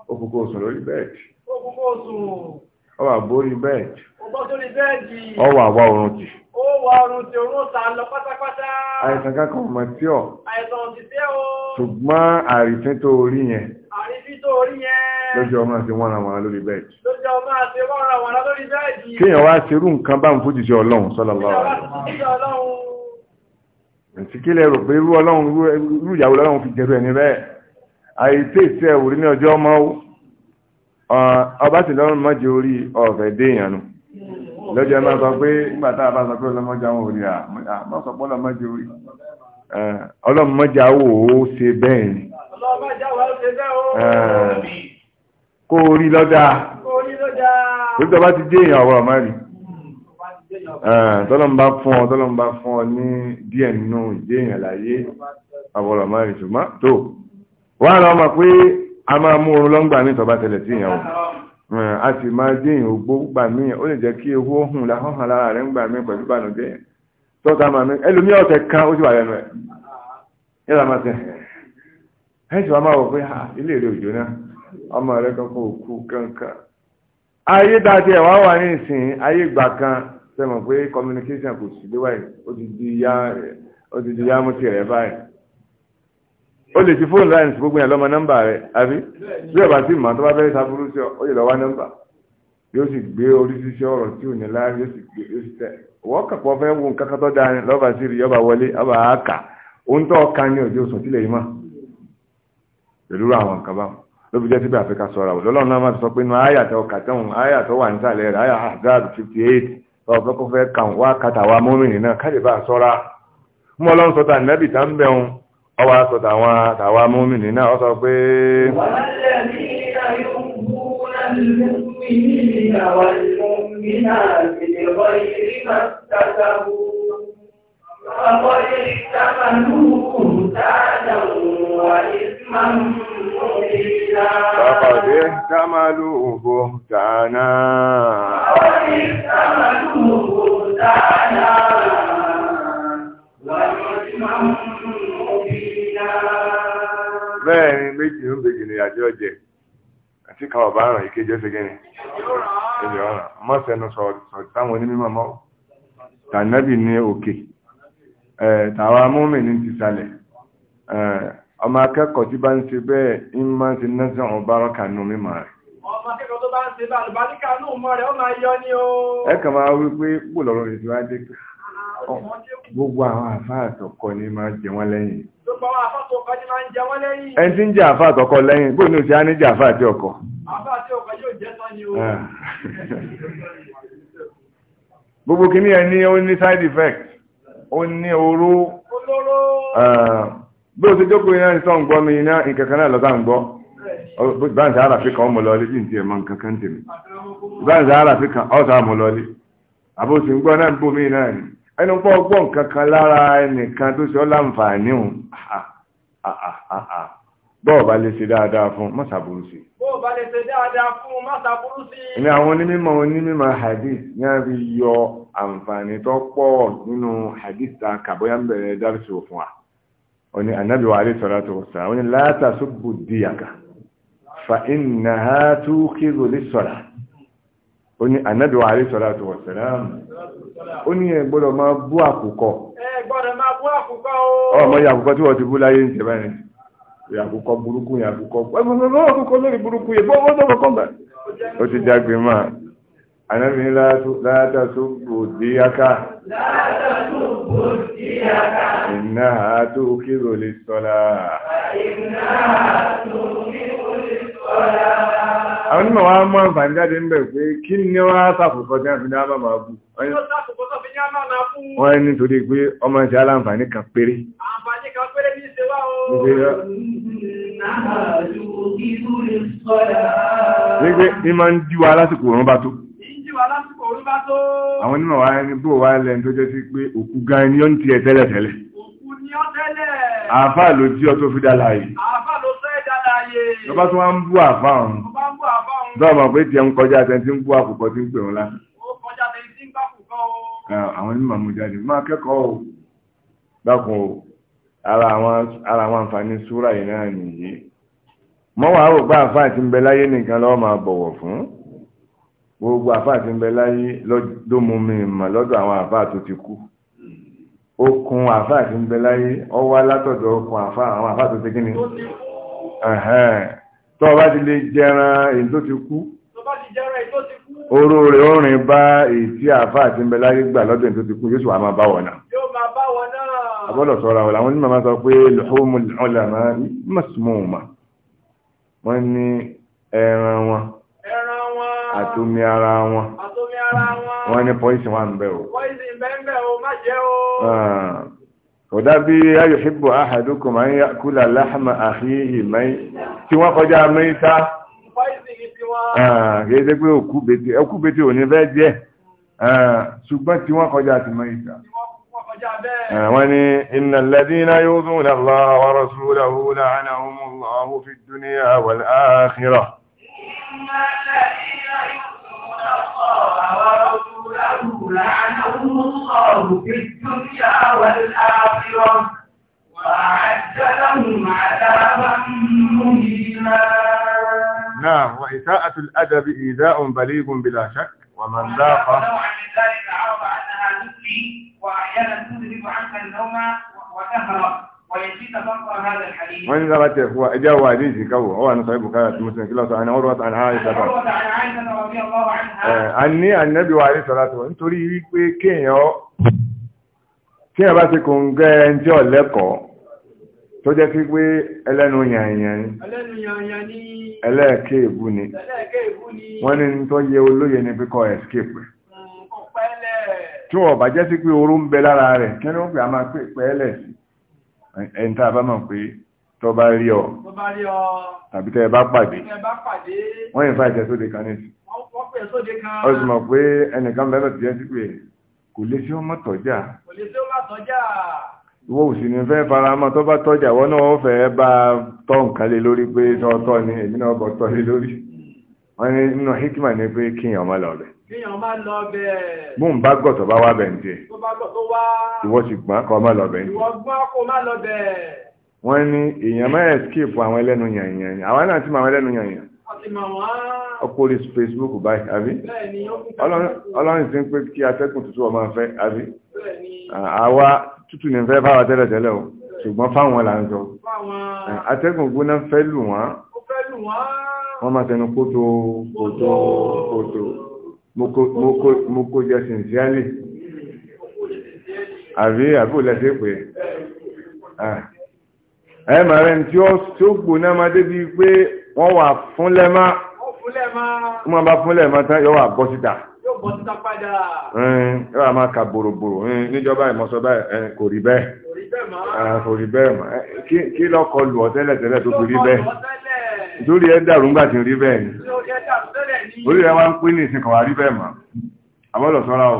Speaker 1: ó kúkú sùn lórí bẹ́ẹ̀dì.
Speaker 2: ó kúkú sùn ó wà borí bẹ́ẹ̀dì ó wà wá oorun jì ó wà oorun jì oorun sá lọ pátápátá àìsàn kankan mọ̀ tí ọ̀ àìsàn ti tẹ́ o
Speaker 1: ṣùgbọ́n àrífín tó orí yẹn
Speaker 2: àrífín tó orí yẹn lójú ọmọ àti
Speaker 1: wọ́n ra wọ̀nà lórí bẹ́ẹ̀dì
Speaker 2: lójú ọmọ àti wọ́n ra wọ̀nà lórí bẹ́ẹ̀dì kéèyàn wá ṣerú
Speaker 1: nǹkan bá ń fójì sí ọlọ́run sallallahu
Speaker 2: alaihi wasallam
Speaker 1: àti kí lè rò pé irú ọlọ́run irú ìyàwó ọlọ́run fi jẹ́rú ẹni bẹ́ẹ̀ àìsí ìṣẹ́ òrí ní ọjọ́ ọmọ ó ọba tí lọ́rùn mọ́jẹ orí ọ̀fẹ́ déèyàn nù lọ́jọ́ máa sọ pé nígbàtá àbá sọ pé ọlọ́mọjà wọn orí àmọ́sọpọ̀ ọlọ́mọjà orí ọlọ́mọjà wò ó se bẹ́ẹ̀ ni kó orí lọ́dà orí tọba ti déèyàn ọ̀rọ̀ ọmọ rí tọ́lọ́mbà fún ọ tọ́lọ́mbà fún ọ ní díẹ̀ nínú ìdéèyàn láyé ọ̀rọ̀ ọmọ rí ṣùgbọ́n tó wà lọ́mọ a máa mú oorun lọ́ngbà ní tẹ̀lẹ̀ tí a sì máa dé ogbo ògbó gbà mí ó lè jẹ́ kí ewu ohun làwọn hàn lára rẹ̀ ń gbà mí pẹ̀lú ìbànújẹ́ tọ́ta máa mi ẹlòmí ọ̀tẹ̀ kan ó sì wà lẹ́nu ẹ̀ yẹ́la máa tẹ̀ ẹ̀ sì wá máa wọ̀ pé ah, ilé rẹ̀ òjò náà ọmọ rẹ̀ kan kú kankan ayé dáadé ẹ̀wá wà ní ìsìn ayé ìgbà kan sẹ́mọ̀ pé communication kò sí ó ti di yá o lè fi fóònù láì sí gbogbo yẹn lọ́mọ nọ́mbà rẹ̀ bí ọba tí màá tó bá fẹ́ẹ́ sáfúrú sí ọ yẹ lọ wá nọ́mbà yóò sì gbé oríṣiríṣi tí ò ní yóò sì gbé yóò ni sí rí ọba wọlé ọba àkà òun tó ọkàn ní òjò sùn sílẹ̀ yìí mọ́ pẹ̀lú àwọn nǹkan báwọn ló fi jẹ́ síbẹ̀ àfikà sọ̀rọ̀ àwọn lọ́lọ́run náà máa sọ pé nu àyà tó wà ọwọ́ sọ tàwọn tàwọn múmìnì náà ọ sọ pé
Speaker 2: Fàfàdé
Speaker 1: támàlù òbò tààna. Fàfàdé
Speaker 2: támàlù òbò tààna. Wà ní ọdún máa ń
Speaker 1: àjọ jẹ àti kan ọ̀bá àrùn ìkejì ẹsẹ̀ gẹ́ni ẹjọ́ ọ̀ràn mọ́sẹ̀nu sọ̀rọ̀ táwọn onímọ̀ mọ́ ní òkè ti sàlẹ̀ ọmọ akẹ́kọ̀ọ́ tí bá ń bẹ́ẹ̀ ń máa ń ṣe nẹ́sàn ọ̀bárọ̀kà mímọ̀ rẹ̀ akẹ́kọ̀ọ́ tó bá gbogbo àwọn àfáà àtọkọ ni máa jẹ wọ́n lẹ́yìn
Speaker 2: ẹni tí ń jẹ àfáà àtọkọ lẹ́yìn bóyá ní òṣìṣẹ́ ní jẹ àfáà àti ah.
Speaker 1: gbogbo kìíní ẹni ó ní side effect ó ní oró ah. bí o ti jókòó iná ní sọ́ǹgbọ́ mi iná ìkẹ̀kẹ́ náà lọ́ta ń gbọ́ ìbáǹsì àràfi kan ọmọ lọ́lé jíǹtì ẹ̀mọ́ nǹkan kan tèmi ìbáǹsì àràfi kan ọ̀sà ọmọ lọ́lé àbóṣì ń gbọ́ náà ń bò mí náà ni ẹnu pọ́ ọgbọ́ nǹkan kan lára ẹnìkan tó ṣe ọ́ láǹfààní òun ah, ah, ah, bọ́ọ̀ bá lè ṣe dáadáa fún má ṣàbùrú sí.
Speaker 2: bọ́ọ̀ bá lè ṣe dáadáa fún má ṣàbùrú sí. ní àwọn
Speaker 1: onímọ̀ onímọ̀ hadith ní a fi yọ àǹfààní tó pọ̀ nínú hadith ta kàbọ́yá ń bẹ̀rẹ̀ dárúṣe òfin wa. ó ní anabi wa alẹ́ sọ̀rọ̀ tó sàn ó ní látàṣubù díyàkà fa innaha tuqidu lis-salah ó ní ànábì wa alayhi salatu wa salam ó ní ẹ gbọ́dọ̀ máa bú àkùkọ ọmọ yà àkùkọ tí wọ́n ti bú láyé ń tẹ̀bá ni àkùkọ burúkú yà àkùkọ àkùkọ lórí burúkú yẹ bọ́ọ̀ tó kọ́kọ́ gbà ó ti jágbe máa ànábì ní láyátà tó gbòdì aká
Speaker 3: ìnáhà
Speaker 1: tó kérò lè sọ́lá
Speaker 3: ìnáhà
Speaker 2: tó kérò àwọn onímọ̀ wa mọ́
Speaker 1: àǹfààní jáde ń bẹ̀ pé kí ni wá sàkókò tí wọ́n fi ní àmà máa bú wọ́n ní torí pé ọmọ ìṣe aláǹfààní kan péré
Speaker 2: àǹfààní kan péré ní ìṣẹ́wà wípé
Speaker 1: ní máa ń jíwa lásìkò òun bá tó àwọn onímọ̀ wa ní bó wá lẹ́nu tó jẹ́ sí pé òkú gan ni ó ń tiẹ̀ tẹ́lẹ̀tẹ́lẹ̀
Speaker 2: àáfà ló jí ọ tó fi dá láàyè tó bá tún wá ń bú àfa ọ̀hún dọ́ọ̀mọ̀ pé tiẹ̀ ń kọjá
Speaker 1: tẹ́ ti ń bú àkùkọ tí ń pè wọn lá. àwọn onímọ̀ mú jáde máa kẹ́kọ̀ọ́ o dákun o ara àwọn àǹfààní súrà yìí náà nìyí mọ́ wàá rò pé àfa àti ń bẹ láyé nìkan lọ́wọ́ máa bọ̀wọ̀ fún gbogbo àfa àti ń bẹ láyé lọ́dọ̀mọ́mí mà lọ́dọ̀ àwọn àfa tó ti kú okun àfa àti ń bẹ láyé ọwọ́ alátọ̀dọ̀ okun àfa àwọn àfa tó ti kí ni. tó o bá ti lè jẹran èyí tó ti kú oró rẹ̀ orin bá èyí tí àti ńbẹ gbà tó ti kú yóò máa bá wọ̀nà. àbọ̀dọ̀ sọ̀rọ̀ wọ̀nà? àwọn onímọ̀ máa sọ pé wọ́n ní ẹran wọn àtomi wọn wọ́n ní wọn ń
Speaker 2: o. o má jẹ́ o.
Speaker 1: Ah. kódà bí ayòhìbò àhàdùkù máa ń yá kúlà láhàmà àhíhì mẹ́yìn tí wọ́n kọjá mẹ́ta gẹ́gẹ́ ah, pé òkú bètè ò ní fẹ́ jẹ́ ah, ṣùgbọ́n tí wọ́n kọjá ti mẹ́ta wọ́n ni iná lẹ́dínà yóò tún lọ́lá
Speaker 2: الله في الدنيا والآخرة وأعد لهم عذابا مهينا نعم
Speaker 1: وإساءة الأدب إيذاء بليغ بلا شك ومن ذاق عن
Speaker 2: ذلك عرف أنها تفلي وأحيانا تذهب عنك النوم وتهرب wọ́n ní sábà tẹ̀ fún wa
Speaker 1: ẹjẹ́ wa àdéhìí káwọ̀ ọwọ́ àná sọ̀rọ̀ bùkárà tí Muslim kìlọ̀ sọ àná ọ̀rọ̀ a ní ànábì wa àdéhìí sọ̀rọ̀ àtọ̀ nítorí wípé kéèyàn kéèyàn bá ti kún gẹ́ ẹni tí ò ni ẹlẹ́ẹ̀kẹ́ ni tó yẹ olóye ni píkọ́ escape mm, tí wọ́n bá sí pé ń bẹ lára kí ẹni tá a bá mọ̀ pé tó bá rí ọ
Speaker 2: tàbí tẹ́ ẹ bá pàdé wọ́n yẹn fàìjẹ́ sóde kan ní sí ọ sì mọ̀
Speaker 1: pé ẹnìkan bẹ́ẹ̀ tí ẹ sí pé kò lè sí ọmọ tọ́jà ìwọ òsì ní fẹ́ faramọ́ tó bá tọ́jà wọ́n náà fẹ́ bá tọ́ nǹkan lé lórí pé tọ́ tọ́ ni èmi náà bọ́ tọ́ lé lórí hmm. wọ́n ní nínú hikima ni pé kíyàn ọmọ lọ́ọ̀bẹ̀
Speaker 2: bó ń bá gọ̀tọ̀ bá wá bẹ̀ẹ̀ díẹ̀
Speaker 1: ìwọ sì gbọ́n kọ́ má lọ bẹ̀ẹ̀ wọ́n ní èèyàn máa escape àwọn ẹlẹ́nu yànyàn àwọn náà ti máa àwọn ẹlẹ́nu yànyàn ọkùnrin Facebook báyìí àbí ọlọ́run ti ń pé kí atẹ́kùn tútù ọmọ fẹ́ àbí àwa tútù ní fẹ́ wọ́n máa tẹnu kótó kótó kótó mo kó jẹ sincerely àbí àbúrò lẹ́sẹ̀ pé ẹ màá rẹ̀ tí ó gbóná máa débi pé wọ́n wà fún lẹ́mà
Speaker 2: wọ́n máa bá fún lẹ́mà tán yọ wà bọ́ síta yóò bọ́ síta padà
Speaker 1: yóò wà máa ka bòròbòrò níjọba ìmọ̀sọ́ báyìí kò rí bẹ́ẹ̀ kò rí bẹ́ẹ̀ kí lọ́kọ lù ọ́ tẹ́lẹ̀ tẹ́lẹ̀ tó fi rí bẹ́ẹ̀ torí ẹ dàrú ńgbà tí ń rí bẹ́ẹ̀
Speaker 2: ni orí ẹ wá ń pín
Speaker 1: ní ìsìn kan wà rí bẹ́ẹ̀ mọ́ àbọ́dọ̀ sọ́ra o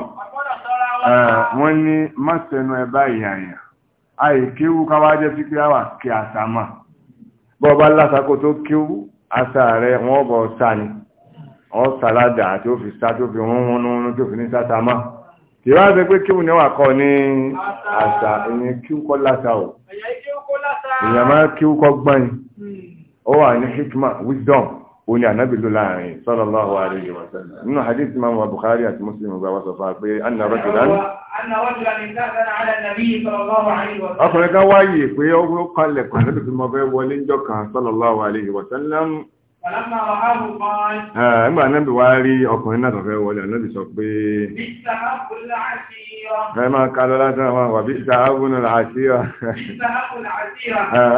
Speaker 1: wọ́n ní má tẹnu ẹ báyìí àyà àìkéwú káwá jẹ́ sí pé a wà kí àṣà mà bọ́ bá lásàkó tó kéwú àṣà rẹ wọ́n bọ̀ sá ni ọ́ sàládà tí ó fi sá tó fi hún hún hún tó fi ní sá sá ṣe pé kíwù ní wà kọ ní àṣà ìyẹn kíwù kọ́ lásà ò
Speaker 2: ìyẹn máa kọ́
Speaker 1: gbọ́n ó wà ní hikma wisdom ó ní ànábì ló láàrin sallallahu alaihi wa sallam nínú hadith imam wa bukhari àti muslim gba wá sọ fún wa pé anna rajulan ọkùnrin kan wáyé pé ó kalẹ̀ kan lẹ́bi tí mo fẹ́
Speaker 2: Nígbà
Speaker 1: náàbì wá rí ọkùnrin náà tọ̀fẹ́ wọlé, náàbì sọ pé
Speaker 2: ẹ máa ká lọ láti àwọn àwọn àbí ìta ágúnnà àṣírà.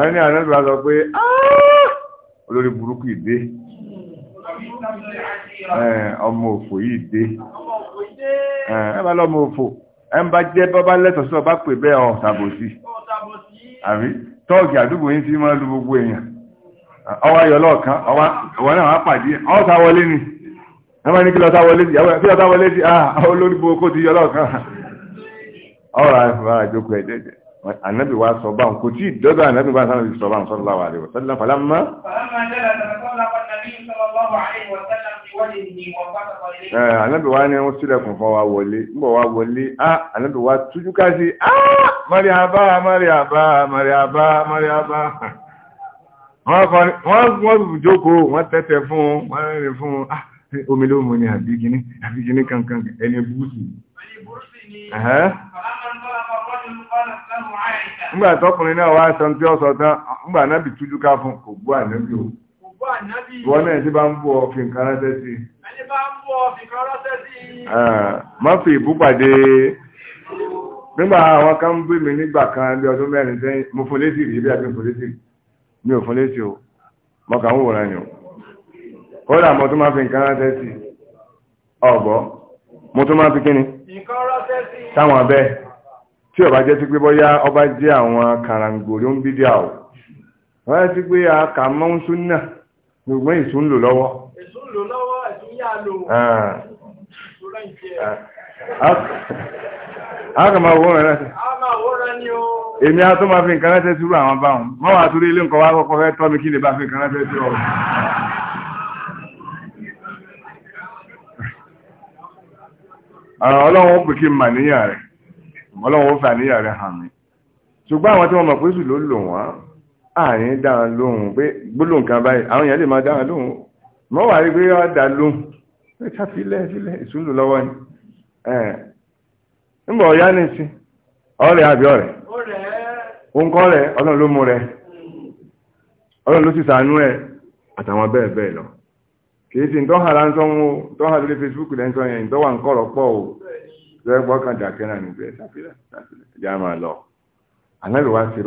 Speaker 2: Ẹni ànábì wá sọ pé
Speaker 1: olórí burúkú ìdé, ọmọ òfò yìí dé. lọ́mọ òfò, ẹ tọ́ọ̀gì àdúgbò yín sí máa lu gbogbo èèyàn ọwọ́ ayọ̀ lọ́ọ̀kan ọwọ́ náà wá pàdé ọwọ́ sá wọlé ni wọ́n máa ní kí lọ sá wọlé sí kí lọ sá wọlé sí ah olórí burúkú ti yọ lọ́ọ̀kan ọ̀rọ̀ àìfọwọ́ àjókòó ẹ̀dẹ́dẹ́ ànábì wa sọ báwọn kò tí dọ́dọ̀ ànábì wa sáré sọ báwọn sọ́lá wà lẹ́wọ̀ sọ́lá fàlá mọ́. ànábì wa ní wọ́n sílẹ̀kùn fún wa wọlé ń bọ̀ wa wọlé ah, ànábì wa tújú ká sí mọ́rí àbá mọ́rí àbá mọ́rí àbá mọ́rí àbá wọ́n jókòó wọ́n tẹ́tẹ̀ fún wọ́n rẹ̀ fún ah, omi ló mú ní àbíkíní àbíkíní kankan ẹni búrúsì
Speaker 2: nígbà tọkùnrin náà wá sọ
Speaker 1: tí ó sọ tán nígbà náà bí tújú ká fún kò gbọ́ ànábì o
Speaker 2: wọ́n náà tí bá ń
Speaker 1: bú ọ fi nǹkan ránṣẹ́ sí má fi ìbúpàdé nígbà àwọn kan ń bí mi nígbà kan bí ọdún mẹ́rin sẹ́yìn mo fún létí rí bí àti mo fún létí rí mi ò fún létí o mọ̀kà ń wòran ni o kódà mo máa fi nǹkan ránṣẹ́ sí ọ̀gbọ́ mo tún máa fi kíni táwọn abẹ́ tí ọba jẹ́ sí pé bóyá ọba jẹ́ àwọn kàràǹgòrò ń bí díà o wọ́n sí pé
Speaker 2: a a kàn máa wọ́n rẹ̀ èmi a tó máa fi
Speaker 1: nǹkan ránṣẹ́ sírú àwọn báhùn wọ́n wà torí ilé nǹkan wá kọ́kọ́ fẹ́ tọ́ mi kí lè bá fi nǹkan ránṣẹ́ sí ọ ọlọ́run ó pè kí n mà níyà rẹ̀ ọlọ́run ó fà níyà rẹ̀ hàn mí ṣùgbọ́n àwọn tí wọ́n mọ̀ pé sùn ló lò wọ́n àárín dáa lóhun pé gbólóhùn kan báyìí àwọn èèyàn ńgbà ọ̀yá ní sí ọ̀rẹ́ ọrịa ọ̀rẹ́
Speaker 2: ọrịa rẹ̀ ọlọ́run
Speaker 1: rẹ̀ ọlọ́run ló ẹ̀ àtàwọn bẹ́ẹ̀ bẹ́ẹ̀ lọ kìí sí tó hàrá ń Facebook yẹn o lọ́gbọ́ kan dàkẹ́ náà níbẹ̀
Speaker 2: sàfihàn
Speaker 1: máa lọ. wa ta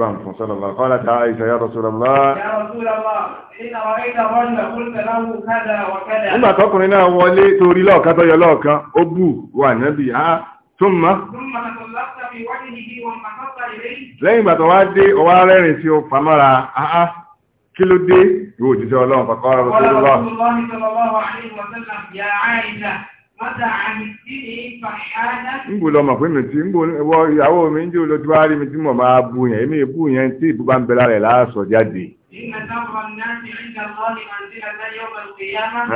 Speaker 1: Nígbà tọkùnrin náà wọlé torí lọ́ọ̀kan ثم
Speaker 2: lẹ́yìn ìgbà tó wá dé ọwá
Speaker 1: rẹ́rìn tí ó pàmọ́ra àá kí ló dé ìwò òjíṣẹ́ ọlọ́run pàkọ́ ọ̀rọ̀ tó lọ́wọ́ ń bù lọ́mọ̀ pé mi tí ń bù ẹwọ́ ìyàwó mi ń jẹ́ olójúwárí mi tí mọ̀ máa bù yẹn èmi ìbù yẹn tí ìbú bá ń bẹ lára ẹ̀ jáde
Speaker 2: إن شر الناس عند الله منزلة يوم القيامة من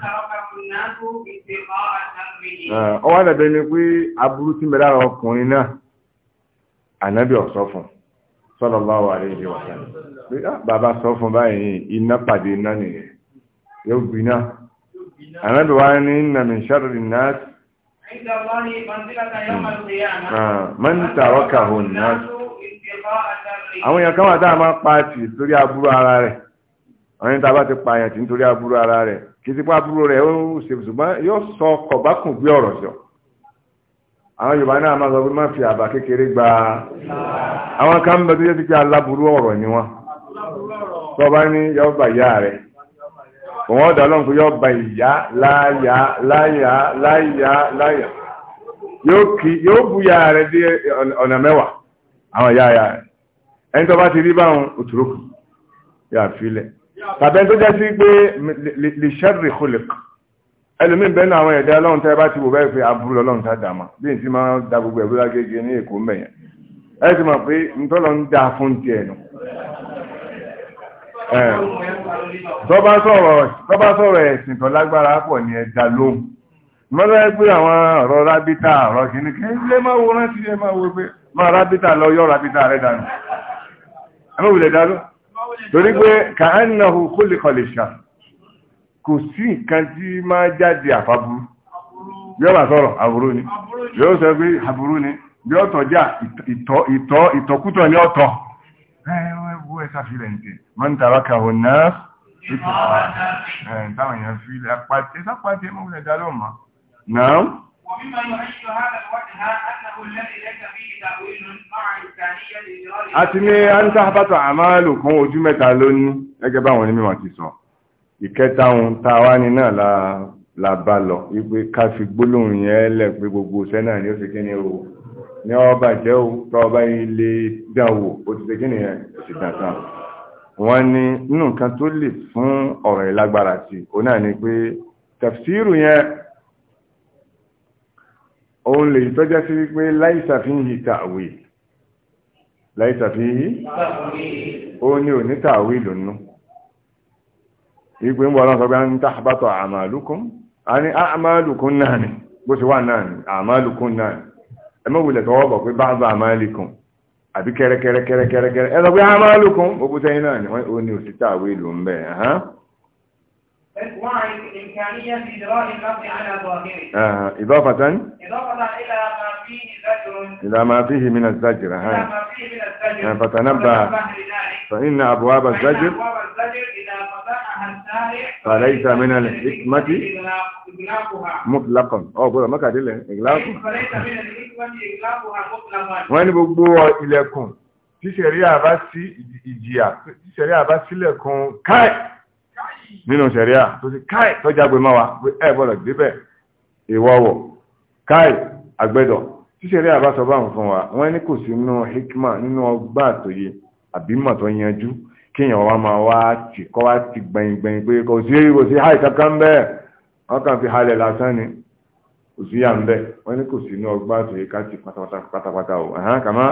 Speaker 2: تركه الناس ابتغاء
Speaker 1: شره. Ó wá dàbẹ̀ ni pé aburú tí mẹ́lára ọkùnrin náà, ànábì ọ̀sọ́ fún, sallallahu alaihi wa sallam. Ah, bàbá sọ fún báyìí iná pàdé iná nìyẹn, yóò gbiná. Ànábì wá ní inna min sharri nnaas.
Speaker 2: Inda Allahi àwọn èèyàn kan wà tá a
Speaker 1: máa pa tì torí aburú ara rẹ̀ àwọn èèyàn tá a bá ti pa àyàn tì nítorí aburú ara rẹ̀ kì í ti pa aburú rẹ̀ ó ṣe ṣùgbọ́n yóò sọ kọ̀bákùn gbé ọ̀rọ̀ sọ àwọn yorùbá náà máa sọ pé má fi àbá kékeré gba àwọn kan bẹ tó yẹ ti pé aláburú ọ̀rọ̀ ni wọn tọba ní yọ bá ìyá rẹ̀ òun ọ̀dà ọlọ́run kò yọ bá ìyá láyà láyà láyà láyà yóò bu ìyá rẹ̀ dé ọ̀nà mẹ́wàá àwọn ìyá ya ẹni tó bá ti rí báwọn òtúrókù yà fílẹ̀ tàbí ẹni tó jẹ́ sí pé lè ṣẹ́rì kólẹ̀k ẹlòmí bẹ́ẹ̀ náà àwọn ẹ̀dá ọlọ́run tẹ́ bá ti wò bẹ́ẹ̀ pé aburú ọlọ́run tá dàmà bí n ti máa da gbogbo ẹ̀bú lágége ní èkó mẹ́yẹn ẹ ti mọ̀ pé ntọ́lọ ń da fún tiẹ̀ nù tó sọ̀rọ̀ ẹ̀sìn tó lágbára pọ̀ ní ẹ̀dá lóhùn mọ́tò àwọn ọ̀rọ̀ rábítà ọ̀rọ̀ kìnnìkan ẹ máa rábítà lọ yọ́ rábítà rẹ̀ dànù ẹmọ́ wùlẹ̀ dànù torí pé kàánàhù kólèkọlè ṣà kò sí nǹkan tí máa jáde àfàbúrú bí ọ bá sọ̀rọ̀ àbúrú ni bí ó sọ pé àbúrú ni bí ọ̀tọ̀ já ìtọ̀kútọ̀ ní ọ̀tọ̀ ẹ̀wọ̀ ẹ̀sà fílẹ̀ ní tẹ̀ mọ́
Speaker 2: ومما يؤيد هذا الوجه أنه الذي ليس فيه تأويل مع إمكانية إدراج àti ní أن
Speaker 1: تحبط أعمالكم ojú mẹ́ta ló ní gẹ́gẹ́ báwọn onímọ̀ ti sọ ìkẹta ohun tá a wá ní náà la la bá lọ wípé ká fi gbólóhùn yẹn lẹ̀ pé gbogbo iṣẹ́ náà ni ó ṣe kíni o ní ọba jẹ́ o tọ́ ọba ilé dán wò ó ti ṣe kíni yẹn ó ti dàn tán wọ́n ní nínú nǹkan tó lè fún ọ̀rọ̀ ìlágbára sí i ó náà ni pé tafsiru yẹn òun lè tọ́já sí wípé láìsàfihì tàwí láìsàfihì ó ní òní tàwí lónú ìpín wọ́n sọ pé ń tàbátọ̀ àmàlùkún a ní àmàlùkún náà ni bó ṣe wà náà ni àmàlùkún náà ni ẹmọ́wùlẹ̀ tọwọ́ bọ̀ pé báàbá àmàlùkún àbí kẹ́rẹ́kẹ́rẹ́kẹ́rẹ́kẹ́rẹ́ ẹlọ́gbé àmàlùkún ó bú tẹ́yìn náà ni ó ní òsítàwí lónú bẹ́ẹ̀
Speaker 2: إمكانية إجراء اللفظ على ظاهره. آه إضافة إضافة إلى ما فيه زجر إلى ما فيه من الزجر ها. إلى ما فيه من الزجر فتنبه فإن أبواب الزجر أبواب الزجر إذا فتحها السارع فليس من الحكمة إغلاقها مطلقا أو بولا ما كاتب إغلاقها فليس وين بقوا
Speaker 1: إليكم تشريع بس إجيا تشريع بس إليكم كاي nínú sẹ̀ríà tó ti káì máa wa ẹ gbọ́dọ̀ débẹ̀ ìwọ́wọ̀ káì àgbẹ̀dọ̀ tí sẹ̀ríà bá sọ báwọn fún wa wọ́n ní kò sí nínú hikma nínú ọgbà àbímọ̀ tó yanjú wá ti pé kò sí kò sí háì kankan bẹ́ẹ̀ wọ́n kàn fi halẹ̀ lásán ni kò sí bẹ́ẹ̀ o. kàmá.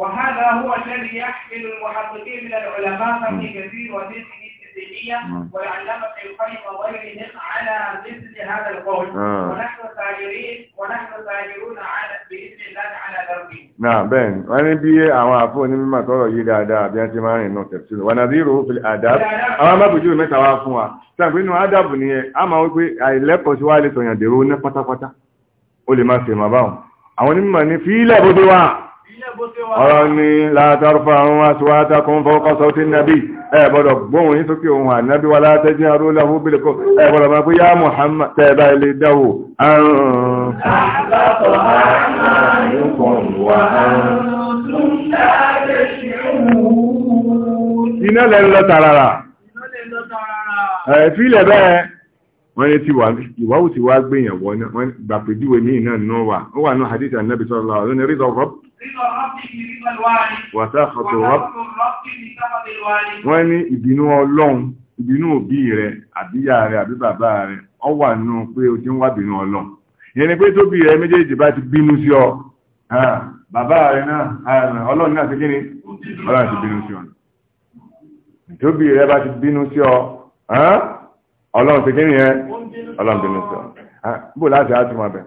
Speaker 2: وهذا هو الذي يحمل المحققين من العلماء ابن كثير وزيد التسعينية والعلامة ابن القيم وغيرهم على مثل هذا القول ونحن سائرين ونحن سائرون على بإذن الله على دربه
Speaker 1: نعم بين وانا بي àwọn afo ni mimma toro yi dáadáa bí an ti ma rin no tafsir wa nadhiru fil adab àwọn ma buju mẹ́ta wá fún wa tan pé nu adab ni e a ma wí pé ai lepo si wa le to yan dèrò na pátápátá ó lè má ṣe ma baun àwọn ni mimma ni fi le bodo wa ọ̀rọ̀ ni látàrúfà àwọn aṣíwáta kún fọ́kọ́ sọ́tí nàbí ẹ̀bọ̀dọ̀ gbóhùn yí sókè ohun ànábí wa látẹ́jí arúláwó bílẹ̀kọ́ ẹ̀bọ̀dọ̀ ma pé yá Muhammad tẹ́ẹ̀bá ilé dáwò àrùn
Speaker 2: iná lẹ́lọ tààrà ẹ̀fílẹ̀ bẹ́ẹ̀
Speaker 1: wọ́n yẹ ti wà ìwáwù ti wá gbìyànwọ́ náà wọ́n ní ìnáà náà wà ó wà náà hadith annabi sallallahu alaihi wasallam
Speaker 2: wàsáàkọ̀tò wọ́n ní
Speaker 1: ìbínú ọlọ́run ìbínú òbí rẹ̀ àbíyà rẹ̀ àbí bàbá rẹ̀ ọ wà nínú pé o ti ń wá bínú ọlọ́run ìyẹn ni pé tóbi rẹ̀ méjèèjì bá ti bínú sí ọ bàbá rẹ̀ náà ọlọ́run náà ti kí ni ọlọ́run ti bínú sí ọ tóbi rẹ̀ bá ti bínú sí ọ ọlọ́run ti kí ni yẹn ọlọ́run bínú sí ọ bó láti á túmọ̀ bẹ̀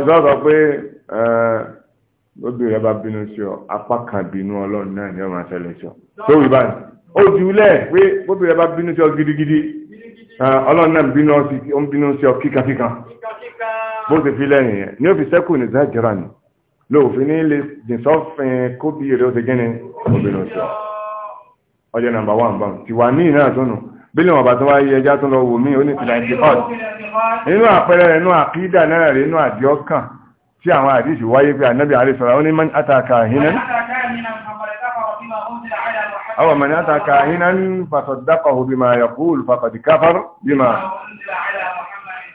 Speaker 1: ǹjọ́ sọ pé obìnrin rẹ bá bínú sí ọ apá kan bínú ọlọ́run náà ni ọ máa ṣẹlẹ̀ sí ọ tó wí báyìí ó ti wúlẹ̀ pé obìnrin rẹ bá bínú sí ọ gidigidi ọlọ́run náà bínú sí ọ bínú sí ọ kíkankíkan bó ti fi lẹ́yìn yẹn ni ó fi sẹ́kù ní zájẹrà ni lóòfin ní lè dìsọ́fin kóbi rẹ ó ti gẹ́ni obìnrin sí ọ ọjọ́ nàmbà wà ń bá ti wà ní ìnáà tó nù bílẹ̀ wọn bá tó wáyé ẹjá tó lọ wò mí ó ní ìfìlà ìfìkọ́ọ̀tì nínú àpẹẹrẹ rẹ̀ nínú àkídà náà rẹ̀ nínú àdìọ́kàn tí àwọn àdíṣì wáyé pé ànábì àrísọ̀rọ̀ ó ní mọ́n àtàkà hìnan
Speaker 2: awa mọ́n àtàkà hìnan
Speaker 1: fàtọ̀dápà òbí máa yà kúrò fàfàdì káfàr bí máa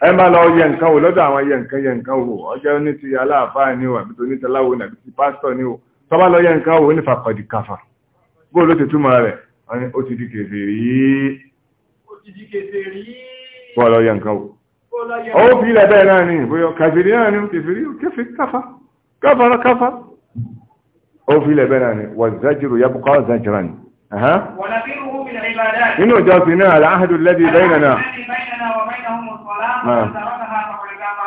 Speaker 1: ẹ máa lọ yẹ nǹkan wò lọ́dọ̀ àwọn yẹ nǹkan yẹ nǹkan wò ọjọ́ ní ti aláàfáà ní wà tó ní taláwo nàbí ti pásítọ̀ ní wò tó bá lọ yẹ nǹkan wò ní fàfàdì káfàr bó ló ti túmọ̀ rẹ̀ ó ti di kèfèrí bó lọ yẹ nǹkan wò ó fi ilẹ̀ bẹ́ẹ̀ náà ni bóyọ kàfìrí náà ni kèfìrí kèfì káfà káfàrà káfà ó fi ilẹ̀ bẹ́ẹ̀ náà ni wà zájìrò ya bukọ́ zájìrà ni
Speaker 2: inú ìjọsìn náà aláhàdù lẹ́bí bẹ́ẹ̀ náà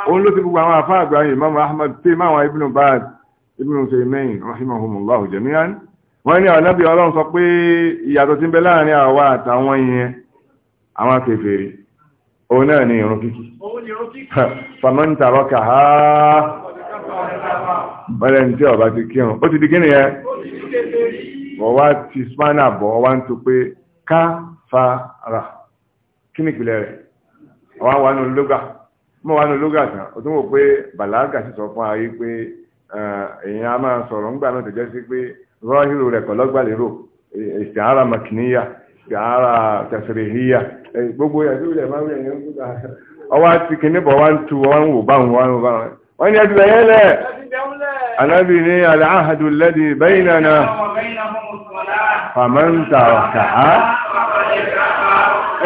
Speaker 2: òun ló ti
Speaker 1: gbogbo àwọn afá àgbà yìí Imam Ahmad tí máwọn Ibn Baz Ibn Taymiyyah rahimahumullahu jami'an wọ́n ní àwọn ọlọ́run sọ pé ìyàtọ̀ tí ń bẹ láàrin àwa àtàwọn yẹn àwọn kèfèrí òun náà ni irun kíkí fàmọ́n tààrọ kà á bẹ́rẹ̀ tí ọba ti kírun ó ti di gínìyẹ ti spanner bọ̀ ọwá ń tó pé ká fara kí ni ìpìlẹ̀ rẹ̀ ọwá wà nù lóga mọ́ wà nù lóga tán ó tún wò pé bàlágà sì sọ fún ayé pé èèyàn a máa sọ̀rọ̀ ńgbà náà pé rẹ̀ kọ̀ ìsìn ara màkìníyà gàárà tẹ̀sìrìhíyà gbogbo ẹ̀sùn ilẹ̀ máa ń rẹ̀ ní ọwọ́ bụ kìnnìbọ̀ wá ń tu wọ́n ń wò báwọn wọ́n ń wò báwọn wọ́n ní ẹ̀dùn ẹ̀yẹ́ lẹ̀ anábì ní aláhàdù lẹ́dì bẹ́yìnàna
Speaker 2: fàmẹ́ǹtà ọ̀kà á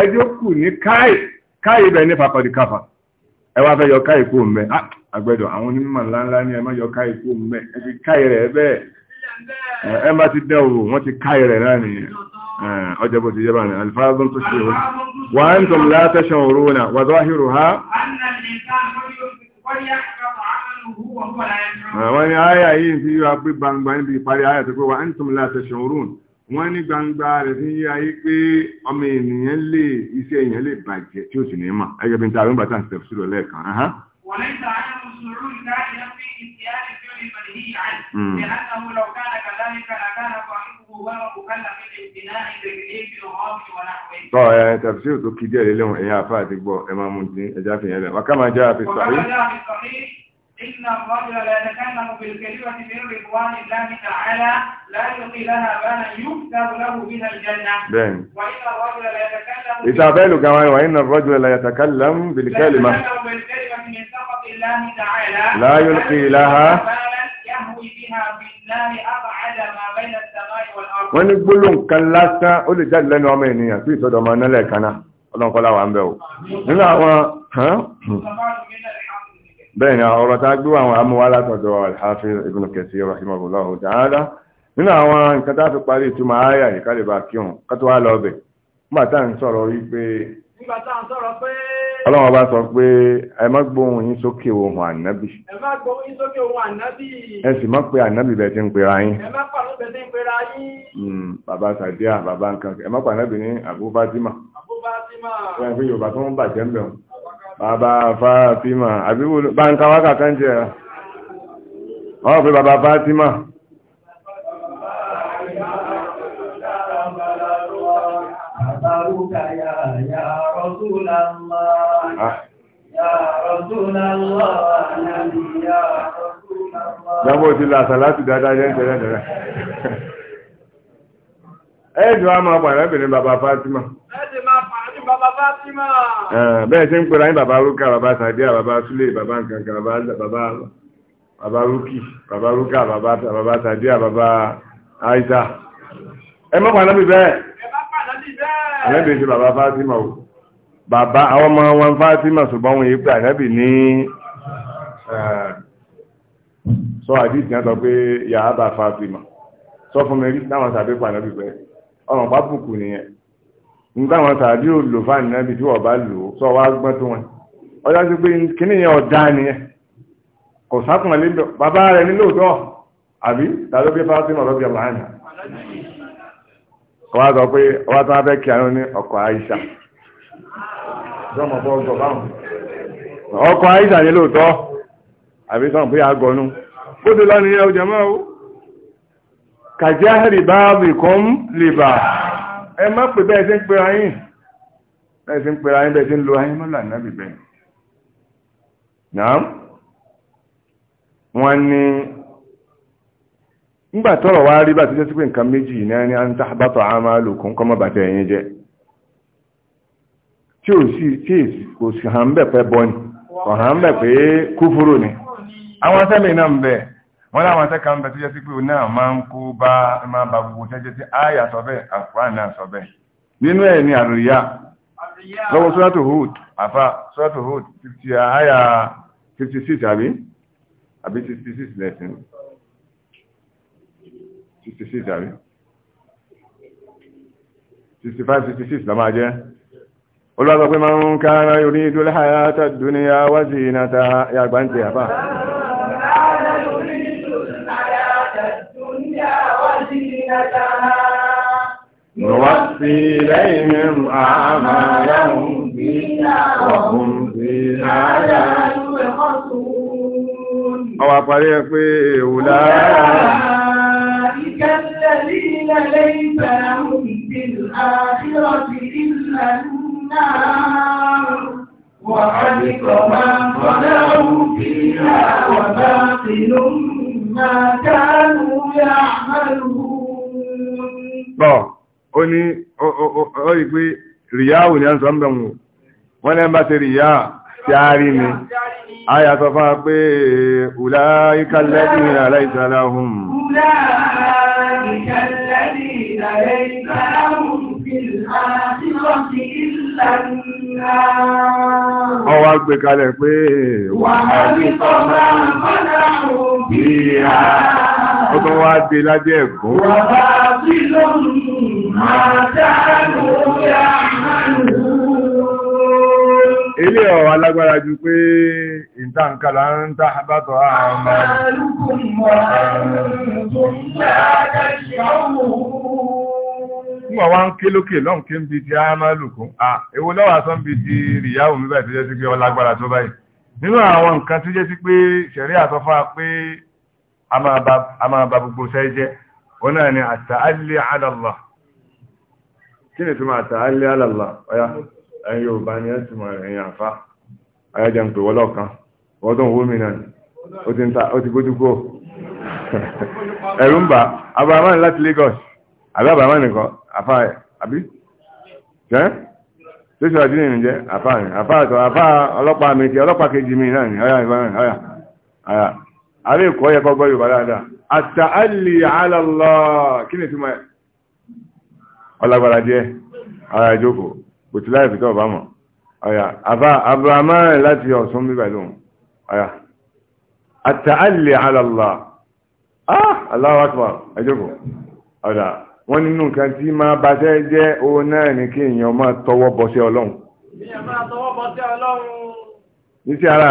Speaker 1: ẹjọ́ kù ní káì káì bẹ̀ ní pàpàdì káfà ẹ wá fẹ́ yọ káì kú mẹ́ ah, àgbẹ̀dọ̀ àwọn onímọ̀ ńláńlá ní ẹ má yọ káì kú ẹ ti káì rẹ̀ bẹ́ẹ̀ ẹ má ti dẹ́ òwò wọ́n ti káì rẹ̀ náà ọjọ́ bó ti jẹ́ báyìí alfáàzùn tó ṣe wà ń tọ́m látẹ́ ṣàwòrónà wà záhìrò ha wọ́n ni àyà yìí fi yíwa pé gbangba níbi ìparí àyà tó pé wà ń tọ́m látẹ́ ṣàwòrónà wọ́n ní gbangba rẹ̀ fi yíwa yí pé ọmọ ènìyàn lè iṣẹ́ èèyàn lè bàjẹ́ tí ó sì ní mà ẹgbẹ́
Speaker 2: الأمر منهي عنه لأنه لو كان كذلك لكان صاحبه غير مكلف بامتناع تكليف الغاب ونحوه. طيب
Speaker 1: تفسير تكيدي لهم إياها فاتك بو إمام الدين جاء في هذا وكما جاء في الصحيح وكما
Speaker 2: جاء في الصحيح إن الرجل لا يتكلم بالكلمة من رضوان الله تعالى لا يلقي لها بالا يكتب له بها الجنة بين. وإن الرجل لا يتكلم إذا كمان وإن
Speaker 1: الرجل لا يتكلم بالكلمة لا
Speaker 2: يتكلم بالكلمة من سخط الله تعالى لا يلقي لها بالا يهوي بها في أبعد ما بين السماء والأرض wọ́n ní gbólóhùn kan lásán
Speaker 1: ó lè jáde lẹ́nu ọmọ ènìyàn sí ìtọ́jú ọmọ náà lẹ́ẹ̀kan náà ọlọ́nkọ́lá wà ń bẹ̀ o nínú àwọn bẹ́ẹ̀ ni ọ̀rọ̀ tá gbé àwọn amúwá látọ̀dọ̀ alhafi ibn Kathir rahimahullahu ta'ala nínú àwọn nǹkan tá fi parí ìtumọ̀ ayà ìkálẹ̀bà kíhùn kátó wá lọ bẹ̀ nígbà tá ń sọ̀rọ̀ wípé ọlọ́wọ́ bá sọ pé ẹ má gbóhùn yín sókè ohùn ànábì
Speaker 2: ẹ sì má pé ànábì bẹ́ẹ̀ ti ń pera yín
Speaker 1: hmm, bàbá sàdíà bàbá nǹkan ẹ má pé ànábì ní Abu Fatima
Speaker 2: Abu Fatima
Speaker 1: wọ́n fi Yorùbá bàbá Fatima, àbí báńkà wákà kan jẹ́ ọ́ pé bàbá Fátímà
Speaker 2: Gbogbo ah. ti làṣà láti dáadáa jẹ́ ìtẹ́lẹ̀
Speaker 1: ẹ̀ẹ́dùn a máa pàdé bàbá Fátímà bẹ́ẹ̀ tí ń pèrè ayé bàbá rúkà bàbá sàdé bàbá súlé bàbá nkankan bàbá rúkì bàbá rúkà bàbá sàdé bàbá àìsà ẹ mọ́pàá náà bí bẹ́ẹ̀ ànábì ṣe bàbá fátímà o bàbá àwọn ọmọ wọn fátímà ṣùgbọ́n wọn yìí pé ànábì ní sọ àdìsí náà sọ pé yàrá bá fátímà sọ fún mi rí táwọn sàbẹ̀ pàdánù bẹ́ẹ̀ ọmọ bá bùkù nìyẹn nígbà wọn tàbí òlò fáànì bí tí wọ́n bá lò ó sọ wá gbọ́n tó wọn ọjọ́ sí pé kíní yẹn ọ̀dá nìyẹn kò sákùnrin lé bàbá rẹ̀ ní lóòótọ́ àbí tàbí bí Fátímà rọ́bì aláàánà sọ pé ọwá tó wá fẹ́ kí àwọn ní ọkọ̀ ọkọ̀ ní lóòótọ́ o kàjá rìbá ẹ má pè bẹ́ẹ̀ sí ń pera yín bẹ́ẹ̀ sí ń pera yín bẹ́ẹ̀ sí ń lo ayé mọ́là nábì bẹ́ẹ̀ náà wọ́n ní ńgbà tọ́rọ̀ wá rí bá ti jẹ́ sí pé nǹkan méjì náà ní an tahbata amalukum kọ́mọ́ bàtẹ̀ ẹ̀yìn jẹ́ tí ò sí tí kò sí hàn bẹ̀ pẹ́ bọ́ ni kò hàn bẹ̀ pé kúfúrò ni àwọn sẹ́mi náà ń bẹ̀ẹ́ wọ́n láwọn tẹ́ka ń bẹ tó jẹ́ sí pé o náà máa ń kó bá máa bá gbogbo tẹ́jẹ́ tí àyà sọ bẹ́ẹ̀ àkùrán náà sọ bẹ́ẹ̀ nínú ẹ̀ ni àrùyá lọ́wọ́ sọ́tò hood àfà sọ́tò hood fifty àyà 56, six àbí àbí sixty six lẹ́sìn sixty six àbí sixty five sixty jẹ́ olùwàgbọ́ máa ń kára yorí dúlẹ̀ àyà tàdúnìyà wájì náà ta yàgbá ń tẹ̀ àfà. نوفي إليهم أعمالهم
Speaker 2: فيها وهم فيها لا يبخسون أو أطريق أولئك الذين ليس لهم في الآخرة إلا النار وحبط ما صنعوا فيها وباطل ما كانوا يعملون bọ̀
Speaker 1: ó ní ó rí pé ríyáwò ní àǹsọ́ ń bẹ̀ wò wọ́n ní ẹ̀mbá ti ríyá tí ni a yà sọ fún wa pé ùlá ikálẹ́bí aláìsára hùn
Speaker 2: Ìlàrẹ̀ ìgbàláwò Ọwá gbé kalẹ̀
Speaker 1: pé wà á ní tọ́lá mọ́lá òbí tó wá dé lábẹ́ ẹ̀kọ́. Wà bá sí lóhùn máa dánú yá
Speaker 2: Ilé ọ̀rọ̀ alágbára pé nígbà wá ń
Speaker 1: ké lókè lọ́n ké ń bi ti amalukun à èwo lọ́wọ́ asọ́ ń bi ti rìyáwó mi báyìí tó jẹ́ sí pé ọlágbára tó báyìí nínú àwọn nǹkan tó jẹ́ sí pé ṣẹ̀rí àsọfá pé a máa ba gbogbo sẹ́ jẹ́ ó náà ni àtàálé alàlá kí ni túnmọ̀ àtàálé alàlá ọ̀yá ẹ̀yìn yorùbá ni ẹ̀ túnmọ̀ ẹ̀yìn àfá ayájẹ́ ń pè wọ́lọ́ kan wọ́n tó ń wó mi náà ó ti gbójú kó ẹ̀rú ń bà abàmán láti Lagos àbí abàmán àfáà ẹ̀ àbí jẹ́ lóṣù àdínì ní jẹ́ àfáà ẹ̀ àfáà tọ́ àfáà ọlọ́pàá mi ti ọlọ́pàá kejì mi náà ní ọ̀yà ìbára ọ̀yà àyà àrí ìkọ́ yẹ kọ́ gbọ́ Yorùbá dáadáa àtàálì àlọ́lọ́ kí ni túmọ̀ ẹ̀ ọlágbára díẹ̀ ara ìjókòó kò ti láì fi tọ́ ọ̀bá mọ̀ ọ̀yà àfáà Abrahamu láti Ọ̀ṣun bíbà lóhùn ọ̀yà àtàálì àlọ́lọ́ ah Allahu Akbar ẹjọ́kọ̀ ọ̀dà wọ́n nínú nǹkan tí máa baṣẹ́ jẹ́ òun náà ní kí èèyàn máa tọwọ́ bọṣẹ́ ọlọ́run. ara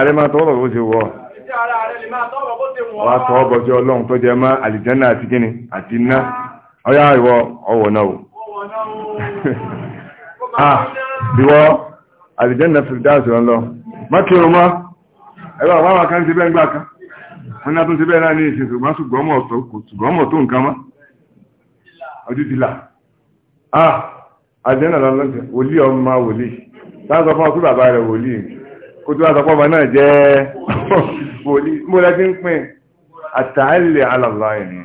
Speaker 1: rẹ máa tọwọ́ bọ̀ bó ṣe wọ̀.
Speaker 2: iṣẹ́ ara tọwọ́ bó ṣe ọlọ́run
Speaker 1: tó jẹ mọ́ àlìjánná àti kíni àti iná. ọyá ìwọ ọwọ́ náà o. Ah, ìwọ àlìjánná fi dá lọ. má mọ́ ẹ̀rọ àwọn àwọn gbà kan. wọ́n ti bẹ́ẹ̀ ojú ti là á ah, àjẹ́nà lọ́lọ́sẹ̀ wòlíì ọmọ wòlíì láàrín ọkọ̀ ọkọ̀ bàbá rẹ̀ wòlíì kó tó láàrín ọkọ̀ ọmọ náà jẹ́ wòlíì mo lẹ́tí ń pín àtàálẹ̀ alàlá ẹ̀yìn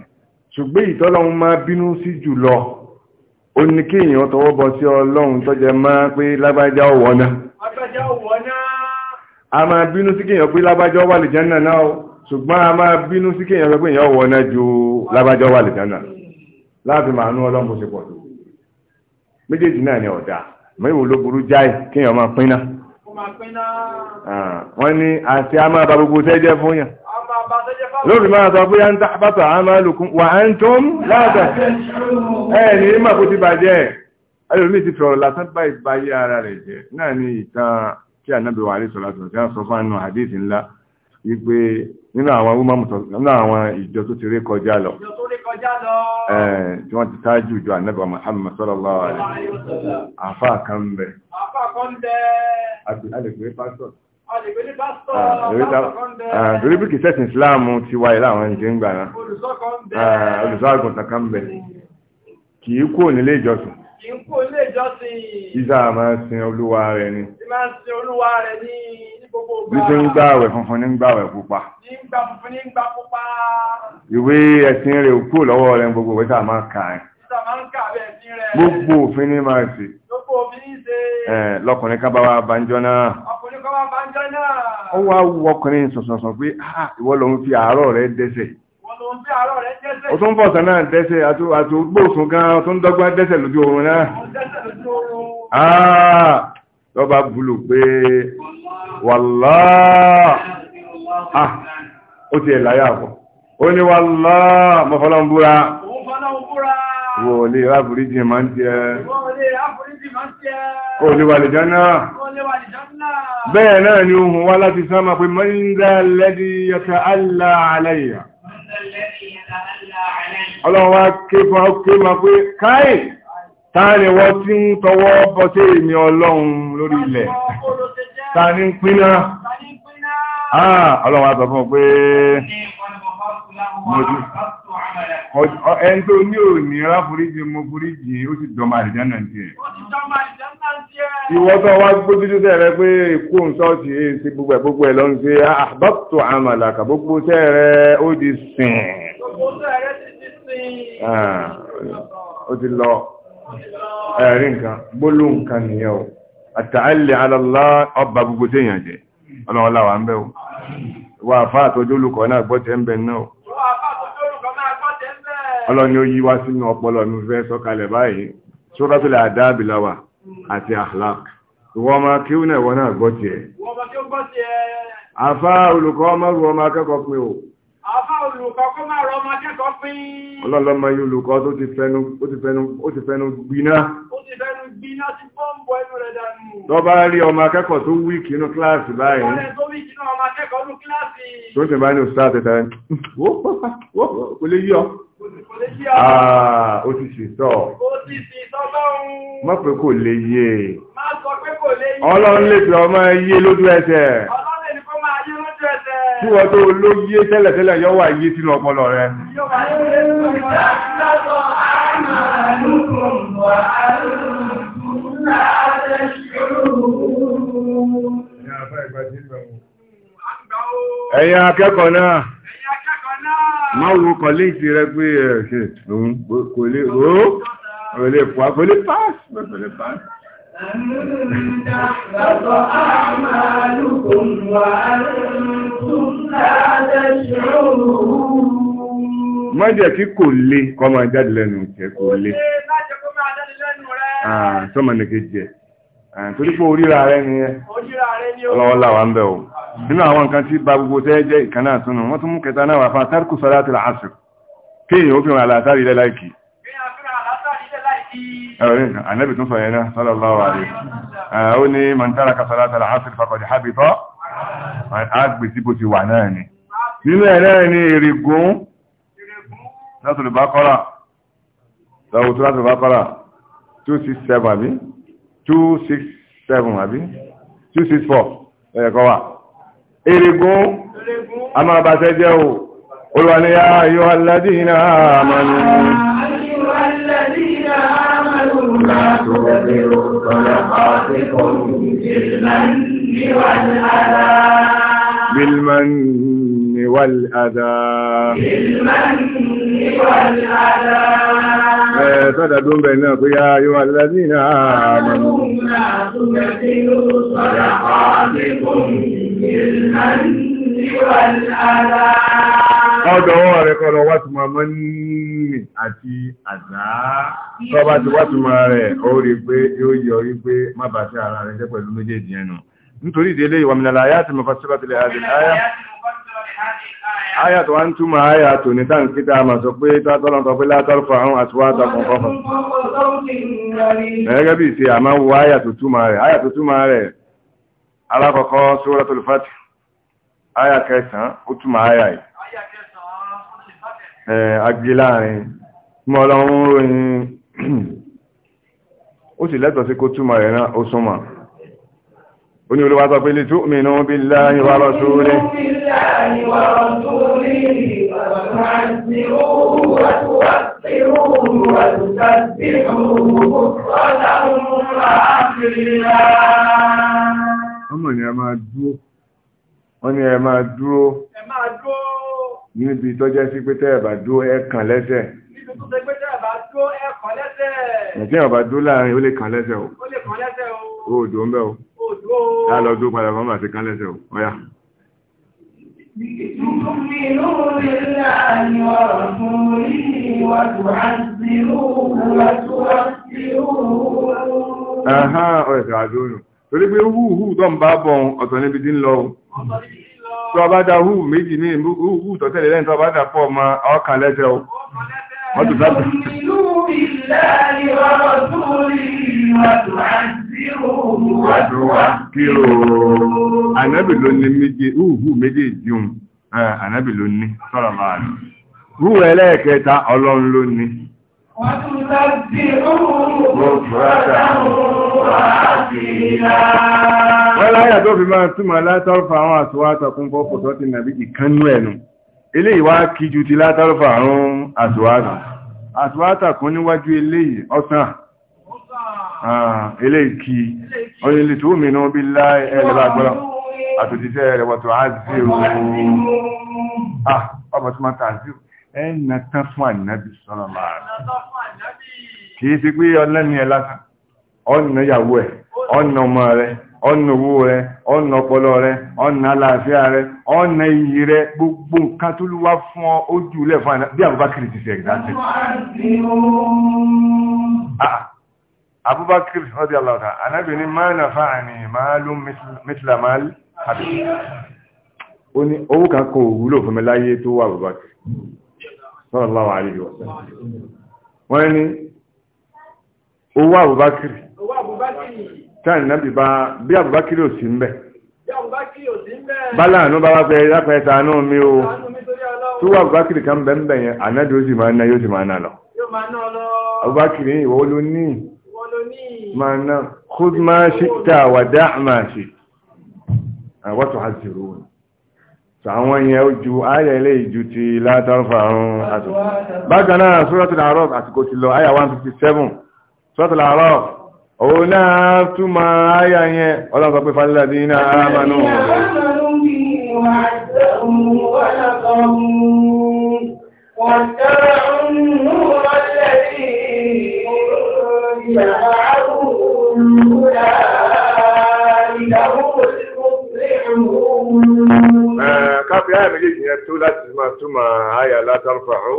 Speaker 1: ṣùgbọ́n ìtọ́lọ́run máa bínú sí jùlọ ó ní kí èèyàn tọwọ́ bọ sí ọlọ́run tó jẹ máa pé lágbájá ọ̀wọ́ náà a máa bínú sí kéèyàn pé lágbájá wà lè jẹ́ náà náà ṣùgbọ́n a máa bínú sí kéèyàn pé èèyàn ọ̀wọ́ náà ju lágbájá wà lè náà láàfin màánú ọlọ́run bó ṣe pọ̀ tó méjèèjì náà ni ọ̀dà mẹ́wòó ló burú jáì kéèyàn máa pín náà wọ́n ní àti a máa bá gbogbo tẹ́jẹ́ fún yàn lórí máa sọ pé yán tàbátà a máa lùkún wà á ń tó ń láàtà
Speaker 2: ẹ̀ ní ìmọ̀ kó ti
Speaker 1: bàjẹ́ ẹlòmí ti fọ̀rọ̀ lásán báyìí báyé ara rẹ̀ jẹ́ náà ni ìtàn kí ànábì wà rí sọ̀rọ̀ sọ̀rọ̀ tí wọ́n sọ fánú àdíìsì nínú àwọn wúmọ́mùtọ̀ nínú àwọn ìjọ tó ti rí kọjá lọ tí wọ́n ti tájú ìjọ ànábà Muhammad sallallahu alaihi wasallam àfá kan ń bẹ alẹ́gbẹ̀ẹ́ pásọ̀
Speaker 2: torí bí kìí sẹ́sìn Islam ti wáyé láwọn
Speaker 1: ìjẹ́ ń gbà náà olùsọ́ àgùntàn kan ń bẹ kìí kúrò nílé ìjọsìn
Speaker 2: kìí kúrò nílé ìjọsìn ìzà
Speaker 1: máa sin olúwa rẹ̀ ni
Speaker 2: wípé ń gbà àwẹ̀ funfun
Speaker 1: ní ń gbà àwẹ̀ pupa ìwé ẹ̀sìn rẹ̀ kú lọ́wọ́ rẹ̀ gbogbo ìwé tàà máa kà ẹ́
Speaker 2: gbogbo òfin
Speaker 1: ní máa ṣe lọ́kùnrin kan bá wá banjọ́ náà ó wá wú ọkùnrin sọ̀sọ̀sọ̀ pé ah, ìwọ lòun fi àárọ̀ rẹ̀ dẹ́sẹ̀
Speaker 2: ó tún bọ̀ sàn náà
Speaker 1: dẹ́sẹ̀ àti gbóòsùn gan-an tó ń dọ́gbọ́n dẹ́sẹ̀ lójú oorun náà lọ bá búlù pé wàláà ah ó ti ẹ̀láyà àpọ̀ ó ní wàláà mọ́fọ́lọ́n búra wò lè ráfúrí jẹ máa ń jẹ
Speaker 2: ó lè wà lè jánà bẹ́ẹ̀ náà ni ohun wá
Speaker 1: láti sáma pé mọ́ndà lẹ́dí yọta allá
Speaker 2: ọlọ́wọ́ ké
Speaker 1: fún ọkẹ́ pé káyìí táàrin wọ́n tí ń tọwọ́ bọ́ sí èmì ọlọ́run lórí ilẹ̀ táàrin pínná àà ah, ọlọ́run àtọ̀ fún pé ẹni tó ní òní ráfúríjì mú fúríjì ó sì dọ́mà àrìjá náà ti ẹ̀ ìwọ́ tó wá gbójújú tẹ́rẹ pé kó ń sọ́ọ̀tì èsì gbogbo ẹ̀ gbogbo ẹ̀ lọ́nà sí àbáptò àmàlàkà gbogbo tẹ́rẹ ó di sìn ah, ó ti lọ ẹ̀rí nǹkan gbóló nǹkan nìyẹn o àtàálẹ̀ alọ́lá ọba gbogbo tí èèyàn jẹ́ ọlọ́ọ̀lá wà ń bẹ́ o wà fà àtọ́jú olùkọ́ náà gbọ́tẹ̀ ń bẹ náà ọlọ́ni ó yí wá sínú ọpọlọ mi fẹ́ sọ́kalẹ̀ báyìí àti Ọlọ́lọ́mọ yóò lùkọ́ tó ti fẹnu gbiná. Ó ti
Speaker 2: fẹnu gbiná sí pọ́ǹpù ẹnu rẹ̀ dànù. Tó bá rí ọmọ
Speaker 1: akẹ́kọ̀ọ́ tó wí kínú kíláàsì báyìí. Ọlẹ́
Speaker 2: tó wí kínú ọmọ akẹ́kọ̀ọ́ ní kíláàsì.
Speaker 1: Tó ti bá ní òṣìṣẹ́ àtẹta rẹ̀. Kò lè yí ọ.
Speaker 2: Ó ti sì sọ. Ó ti sì sọ lọ́run. Mọ́ pé kò lè yé. Má sọ Kí wọ́n tó ló yé tẹ́lẹ̀tẹ́lẹ̀
Speaker 1: yọ wà yé sínú ọpọlọ rẹ.
Speaker 2: Ẹ̀yin akẹ́kọ̀ọ́ náà, máa wo
Speaker 1: kọ̀lẹ́ǹtì rẹ pé ẹ̀ ṣe òun kò lè pàá, kò lè
Speaker 2: pàá, kò lè pàá. تحبط أعمالكم وأنتم لا تشعرون
Speaker 1: má jẹ́ kí kò lé kọ́ máa jáde lẹ́nu jẹ́ kò lé sọ́mọ̀ ní kejì ẹ̀ torí pé oríra rẹ̀ ni ẹ́ ọlọ́wọ́lá wa ń bẹ̀ o nínú àwọn nǹkan tí bá gbogbo tẹ́ jẹ́ ìkan náà túnú wọ́n tún mú kẹta náà wà fún atárkù sọ́lá àti làásù kéèyàn ó fi hàn àlàtàrí lẹ́láìkì
Speaker 2: ẹ̀rọ̀rin ànẹ́bì
Speaker 1: tún sọ̀yẹ̀ náà sọ́lọ́lọ́wà rẹ̀ ó ní mọ̀ntara kasalata al'asir fakọ̀dì habitọ́ agbè tí bó ti wà náà ni nínú ẹ̀ náà ni irigun látòlùbákọ́rà 267 àbí 267 àbí 264 ẹ̀kọ́ máa bá tẹ́
Speaker 2: لا تبذل صدقاتكم بالمن والأذى
Speaker 1: بالمن والأذى بالمن والأذى فددوا بينكم يا أيها الذين آمنوا لا تبذلوا صدقاتكم بالمن والأذى ọdọ̀wọ́ rẹ̀ kọ́ lọ wátùmọ̀ mọ́ ní àti àdá tọ́bá ti wátùmọ̀ rẹ̀ ó rí pé yóò yọ rí pé má bà sí ara rẹ̀ jẹ́ pẹ̀lú méjèèjì ẹnu nítorí ìdílé ìwàmìnàlá ayá ti mọ̀fà sílọ́ tilẹ̀ àdìl ayá ayá tó wá ń túmọ̀ ayá tó ní tán kíta àmà sọ pé tátọ́lọ́n tọ́pẹ́ látọ́lọ́fà àwọn àtúwátà kọ̀ọ̀kọ́ ẹgẹ́ bí ṣe àmá wo ayá tó túmọ̀ rẹ̀ ayá tó túmọ̀ rẹ̀ alákọ̀ọ́kọ́ suratul Fath ayá kẹsàn-án ó túmọ̀ ayá yìí agbé láàrin mọ́ ọlọ́run ròyìn ó sì lẹ́tọ̀ sí kó túmọ̀ rẹ̀ náà ó súnmọ̀ ó ní olúwa pé lè tó mìíràn bí láàrin wà rọ̀súrí ọmọ ni ẹ máa dúró wọ́n ni ẹ máa dúró níbi tọ́jẹ́ sí pé tẹ́ẹ̀bà dúó ẹ̀kàn lẹ́sẹ̀
Speaker 2: ẹ̀tí ọ̀bà dúó láàrin ó lè kàn lẹ́sẹ̀ o
Speaker 1: ó dò ń bẹ́ o ká lọ dúó padà fọ́nbà sí kàn lẹ́sẹ̀ o ọ̀yá
Speaker 2: تؤمنون بالله ورسوله وتعزروه وتوفروه أها
Speaker 1: أوه يا عدون تقول لي بيهو هو ضم بابهم أتوني بدين tó bá dá hù méjì ní hù tó tẹ́lẹ̀ lẹ́yìn tó bá dá pọ̀ ma ọkàn lẹ́sẹ̀ o wọ́n tó sábà.
Speaker 2: Kíro
Speaker 3: ànábì ló ní
Speaker 1: méje hù méje jùm ànábì ló ní sọ̀rọ̀ máa ní. Hù ẹlẹ́ẹ̀kẹta ọlọ́run ló ní.
Speaker 2: Wọ́n tó sábà wọ́n láyà tó fi
Speaker 1: máa túmọ̀ látọ́rọ̀fà àwọn àtúwátọ̀kún fọ́fọ́ tó ti nàbí ìkánú ẹ̀nu ilé ìwá kíjú ti látọ́rọ̀fà àrùn àtúwátọ̀ àtúwátọ̀kún níwájú ilé ọ̀sán ilé ìkí onílé tó mìíràn bí láì ẹ̀lẹ́bà gbọ́lọ́ àtòjíṣẹ́ rẹ̀ wọ́tọ̀ àzí ooo ọmọ tó máa tààzí ẹ̀nà tán fún ànábì sọ́nà máa kìí sí pé ọlẹ́ni ẹ̀ lásán ọ̀nà ìyàwó ẹ̀ ọ̀nà ọmọ rẹ̀ ọ̀nà owó rẹ̀ ọ̀nà ọpọlọ rẹ̀ ọ̀nà aláàfíà rẹ̀ ọ̀nà iyì rẹ̀ gbogbo nǹkan tó lúwá fún ọ ojú ilẹ̀ fún àná bí Abubakar ti ṣe ẹ̀gbáṣẹ́ ah, Abubakar ọdí aláta anábìnrin máa nà fa àní máa ló mítìlá máa lè àbí ó ní owó kan kò wúlò fún mi láyé tó wà Abubakar sallallahu alaihi wasallam wọ́n ní owó Abubakar táàrin náà bíbá bí àbúbákírì ò sí ń bẹ
Speaker 2: bálá àánú bá wá fẹ́ lápẹ́ ṣàánú mi o tí wọ́n àbúbákírì
Speaker 1: kan bẹ́ẹ̀ bẹ́ẹ̀ yẹn ànádìí ó sì máa ń ná yóò sì máa ń ná
Speaker 2: lọ àbúbákírì ìwọ ló
Speaker 1: ní máa ná khud ma ṣíta wà dá àmà ṣe àwọn tó hàzìrò wọn sàwọn yẹn ojú ayẹ ilé ìjú ti látọ́fà ọ̀run àtọ̀ bákan náà suratul A'raf àsìkò ti lọ ayà 157 suratul A'raf òun náà túmọ̀ ayà yẹn ọlọ́run sọ pé fàlílà dín iná àmànú Káfíà méjèèjì yẹn tó láti máa túmọ̀ ayà látàrfà ó.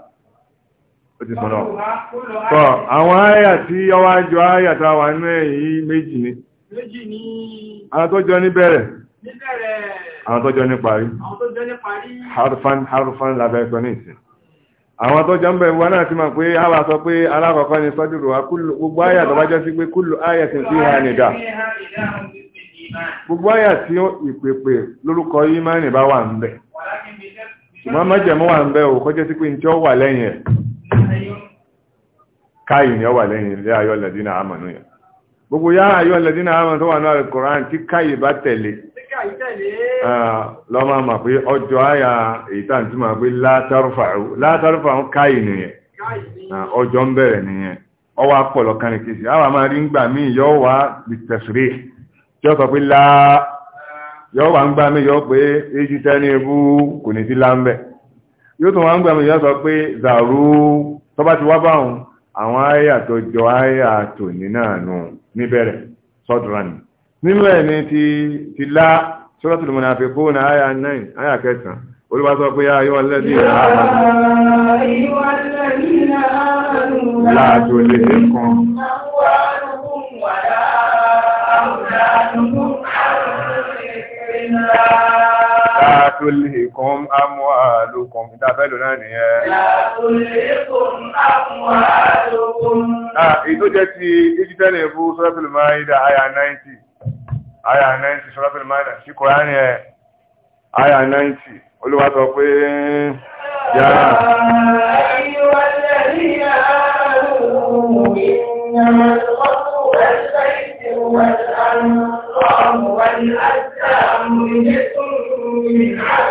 Speaker 1: ó ti sọ̀rọ̀ tọ́ àwọn àyà tí ọwá jọ àyà tá a wà nínú ẹ̀yìn
Speaker 2: méjì ni àwọn tó jọ ní bẹ̀rẹ̀ àwọn tó jọ ní parí harfan
Speaker 1: harfan lábẹ́ ẹ̀kọ́ ní ìsìn àwọn tó jọ ń bẹ̀rẹ̀ wọn náà ti mọ̀ pé a wà sọ pé alákọ̀ọ́kọ́ ni sọ́dúrù wa gbogbo àyà tó bá jọ sí pé kúlù àyà tí fi hàn nìdá gbogbo àyà tí ìpèpè lórúkọ yìí máa ń bá wà ń bẹ̀
Speaker 2: ṣùgbọ́n mọ́jẹ̀mú wà
Speaker 1: ń bẹ̀ ò kọjá sí pé ní tí ó wà lẹ́yìn ẹ̀ káyì ni ó wà lẹ́yìn yá ayọ́ lẹ́dínà àmọ̀nú yẹn gbogbo yá ayọ́ lẹ́dínà àmọ̀ tó wà ní alukoran tí káyì bá tẹ̀lé
Speaker 2: lọ́mọ àmà pé ọjọ́ àyà èyí tá à ń pé
Speaker 1: látàrúfà ń káyì nìyẹn ọjọ́ ń bẹ̀rẹ̀ nìyẹn ọwọ́ kan àwọn àmà rí ń gbà mí yọ wá tẹ̀sírí sọ pé lá yọ wá ń gbà mí yọ pé ebú kò ní yóò tún wá ń gbà mí yọ sọ pé zàrú ti wá báwọn àwọn àyà tó jọ àyà tòní náà nù níbẹ̀rẹ̀ sọ́dúnrán nínú ẹ̀ ní ti ti lá suratul munafiqun àyà 9 àyà kẹsàn-án olúwa sọ pé ayọ́ ọlẹ́dí
Speaker 2: ààrùn
Speaker 3: láàtò lè kan
Speaker 1: tulhikum amwalukum ìdáfẹ́lò náà nìyẹn. èyí tó jẹ́ ti digital ebu suratul maida aya 90 aya 90 suratul maida sí kòránì ẹ̀ aya 90 olúwa sọ pé yára.
Speaker 2: إنما الخطر والسيف والأنصار والأسلام رجس من عمل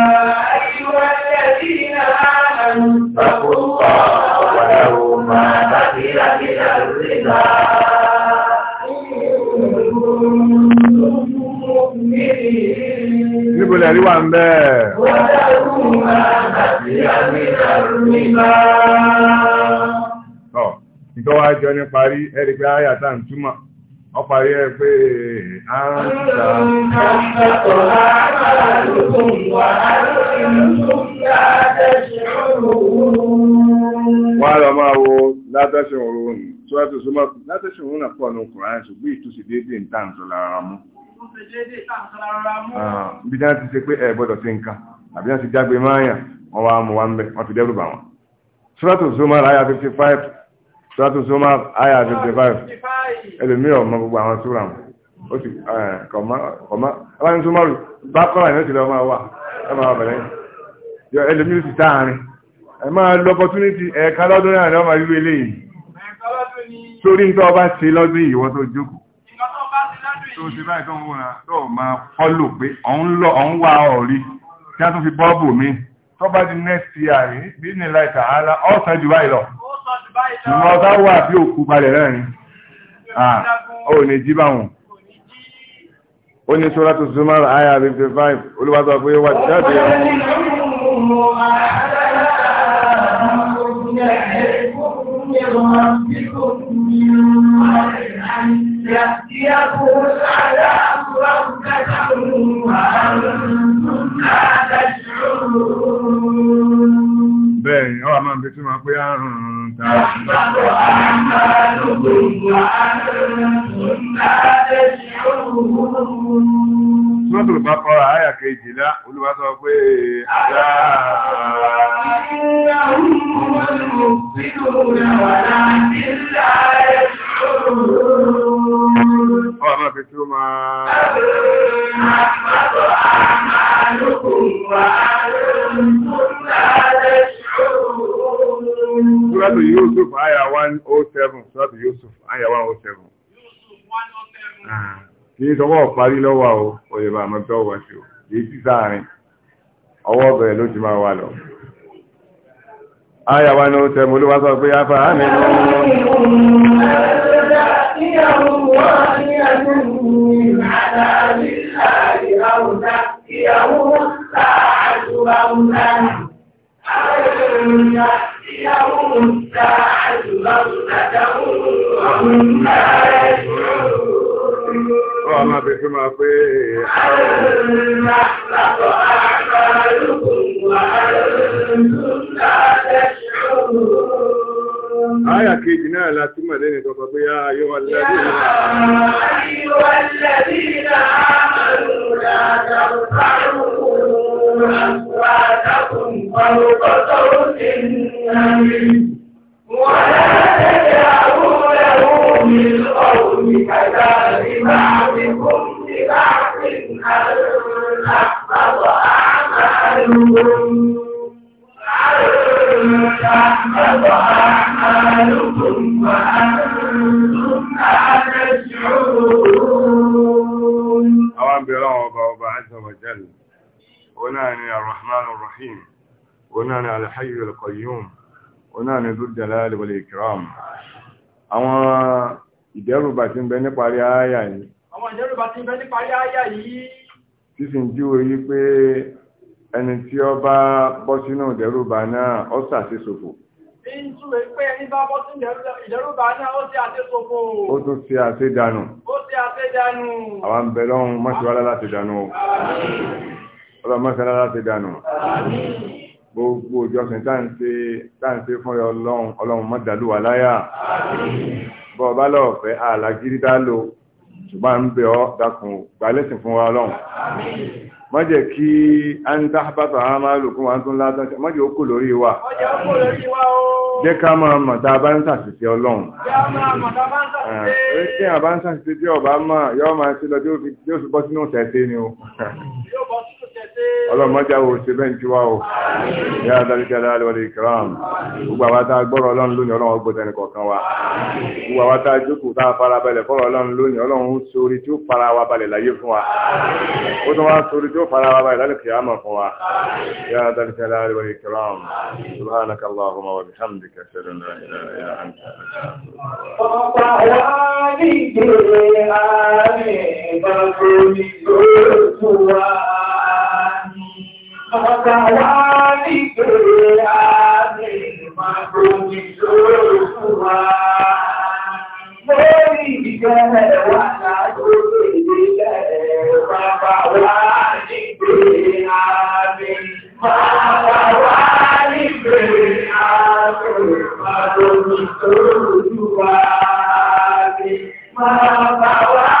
Speaker 1: Ìtọ́wà jọ ní parí, ẹ̀rì pé àyà tá ń túmọ̀, ọ parí ẹ pé àǹtà. Wọ́n lọ máa wo látẹ́ṣẹ̀ òru nù, súnmọ́, látẹ́ṣẹ̀ òru nà pọ̀ ní Kùránì ṣùgbọ́n ìtúsí ń lára mú. Bí ti ṣe pé ẹ̀ gbọ́dọ̀ sí nǹkan, àbí jágbe máa yàn, wọ́n wá mú ń wọ́n dẹ́rù bà wọ́n. Suratu Zumar aya 55 Suratu Zumar aya 55 ẹlòmíràn ọmọ gbogbo àwọn súra wọn ó sì kọ̀mọ́ kọ̀mọ́ abáyé Zumaru bá kọ́ra ìná ti lọ máa wà ẹ máa bẹ̀rẹ̀ yọ ẹlòmíràn sì táàrin ẹ máa lọ opportunity ẹ̀ẹ̀ka lọ́dún náà ni wọ́n máa rí eléyìí sórí nǹkan ọba ṣe lọ́dún yìí wọ́n tó jókòó tó ṣe báyìí tó ń wúra tó máa fọ́lò pé òun wá ọ̀rí kí a tún fi bọ́ọ̀bù mi tọ́ba di next year yìí bí ní láìka ààlá ọ̀sán jù báyìí lọ
Speaker 2: ìwọ̀n ọ̀sán wà bí
Speaker 1: òkú balẹ̀ lẹ́rin ah, ó ní jí báwọn ó ní sọ́lá tó súnmọ́ àyà 55 olúwàtọ̀ pé wà jáde
Speaker 2: يقول على أمرك تموها
Speaker 1: أنتم لا تشعرون máa bí tí máa pé àrùn tàà. Sọ́tò bá kọ́ra àyà kejìlá, Olúwa sọ pé àdá. Ìyàwó tọwọ́ parí lọ́wọ́ o ò lè bá àmọ́ tọwọ́ sí o èyí tí sáàrin ọwọ́ bẹ̀rẹ̀ ló ti máa wà lọ. Aya wa ní ó tẹ́ mú ló wá sọ pé afá àmì ní
Speaker 2: Ìyàwó ń ta àjùlọ ìdájọ́ òun náà
Speaker 1: Ọlọ́run a máa fi fún máa pé Àyà kejì náà la túmọ̀ lẹ́ni tọ́kọ pé yá ayọ́ wà lẹ́bí náà. Ayọ́ lẹ́bí náà, àrùn àdàrù
Speaker 2: àrùn àrùn àdàrù àrùn àrùn ولا تجعلوا له في
Speaker 3: الأرض كذلك بعضكم لبعض أن تحفظ أعمالكم
Speaker 2: أن تحفظ وأنتم لا تشعرون
Speaker 1: أوان برغب أو عز وجل ونعني الرحمن الرحيم ونعني الحي القيوم oná ní tó jẹ́ láàrẹ̀wọ̀lẹ̀ ìkìráàmù àwọn ìdẹ́rùbà tí ń bẹ níparí ayà yìí
Speaker 2: àwọn ìdẹ́rùbà tí ń bẹ níparí ayà yìí
Speaker 1: tí sì ń jíwò yí pé ẹni tí ó bá bọ́ sínú ìdẹ́rùbà náà ó sàṣe ṣòfò ó tún ṣe àṣedànù
Speaker 2: àwọn bẹ̀rẹ̀ ọ̀hún mọ́ṣúwálá láti dànù
Speaker 1: ọlọ́mọ́ṣúwálá láti dànù àmín gbogbo ìjọsìn táǹtẹ́ fún ọlọ́run ọlọ́run mọ́dàlú wà láyà bọ́ bá lọ́ọ̀fẹ́ àlàgírí dálò ṣùgbọ́n ń bẹ̀ ọ́ dákùn gbalẹ́sìn fún wa ọlọ́run má jẹ́ kí a ń dábàtà á máa lòkún wa tún látọ́ má jẹ́ ó kò lórí wa ọlọ́mọjà wo ṣe bẹ́ẹ̀ tí o yá adáríkẹ́ aláwọ̀lẹ̀ ìkìrán gbogbo àwọn gbọ́rọ̀ ọlọ́run lónìí ọlọ́run ọgbọ́n ẹni kọ̀ọ̀kan wa gbogbo àwọn jókòó tá a fara balẹ̀ fọ́rọ̀ ọlọ́run lónìí ọlọ́run sórí tí ó fara wa balẹ̀ láyé fún wa ó tún wá sórí tí ó fara wa balẹ̀ lálẹ́ kìámà fún wa yá adáríkẹ́ aláwọ̀lẹ̀ ìkìrán وكذلك
Speaker 2: يعني المبروك سوى لذلك ولا تبدل وكذلك يعني وكذلك يعني المبروك سوى ما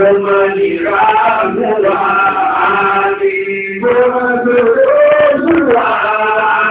Speaker 2: ومن راه عالي ومن راه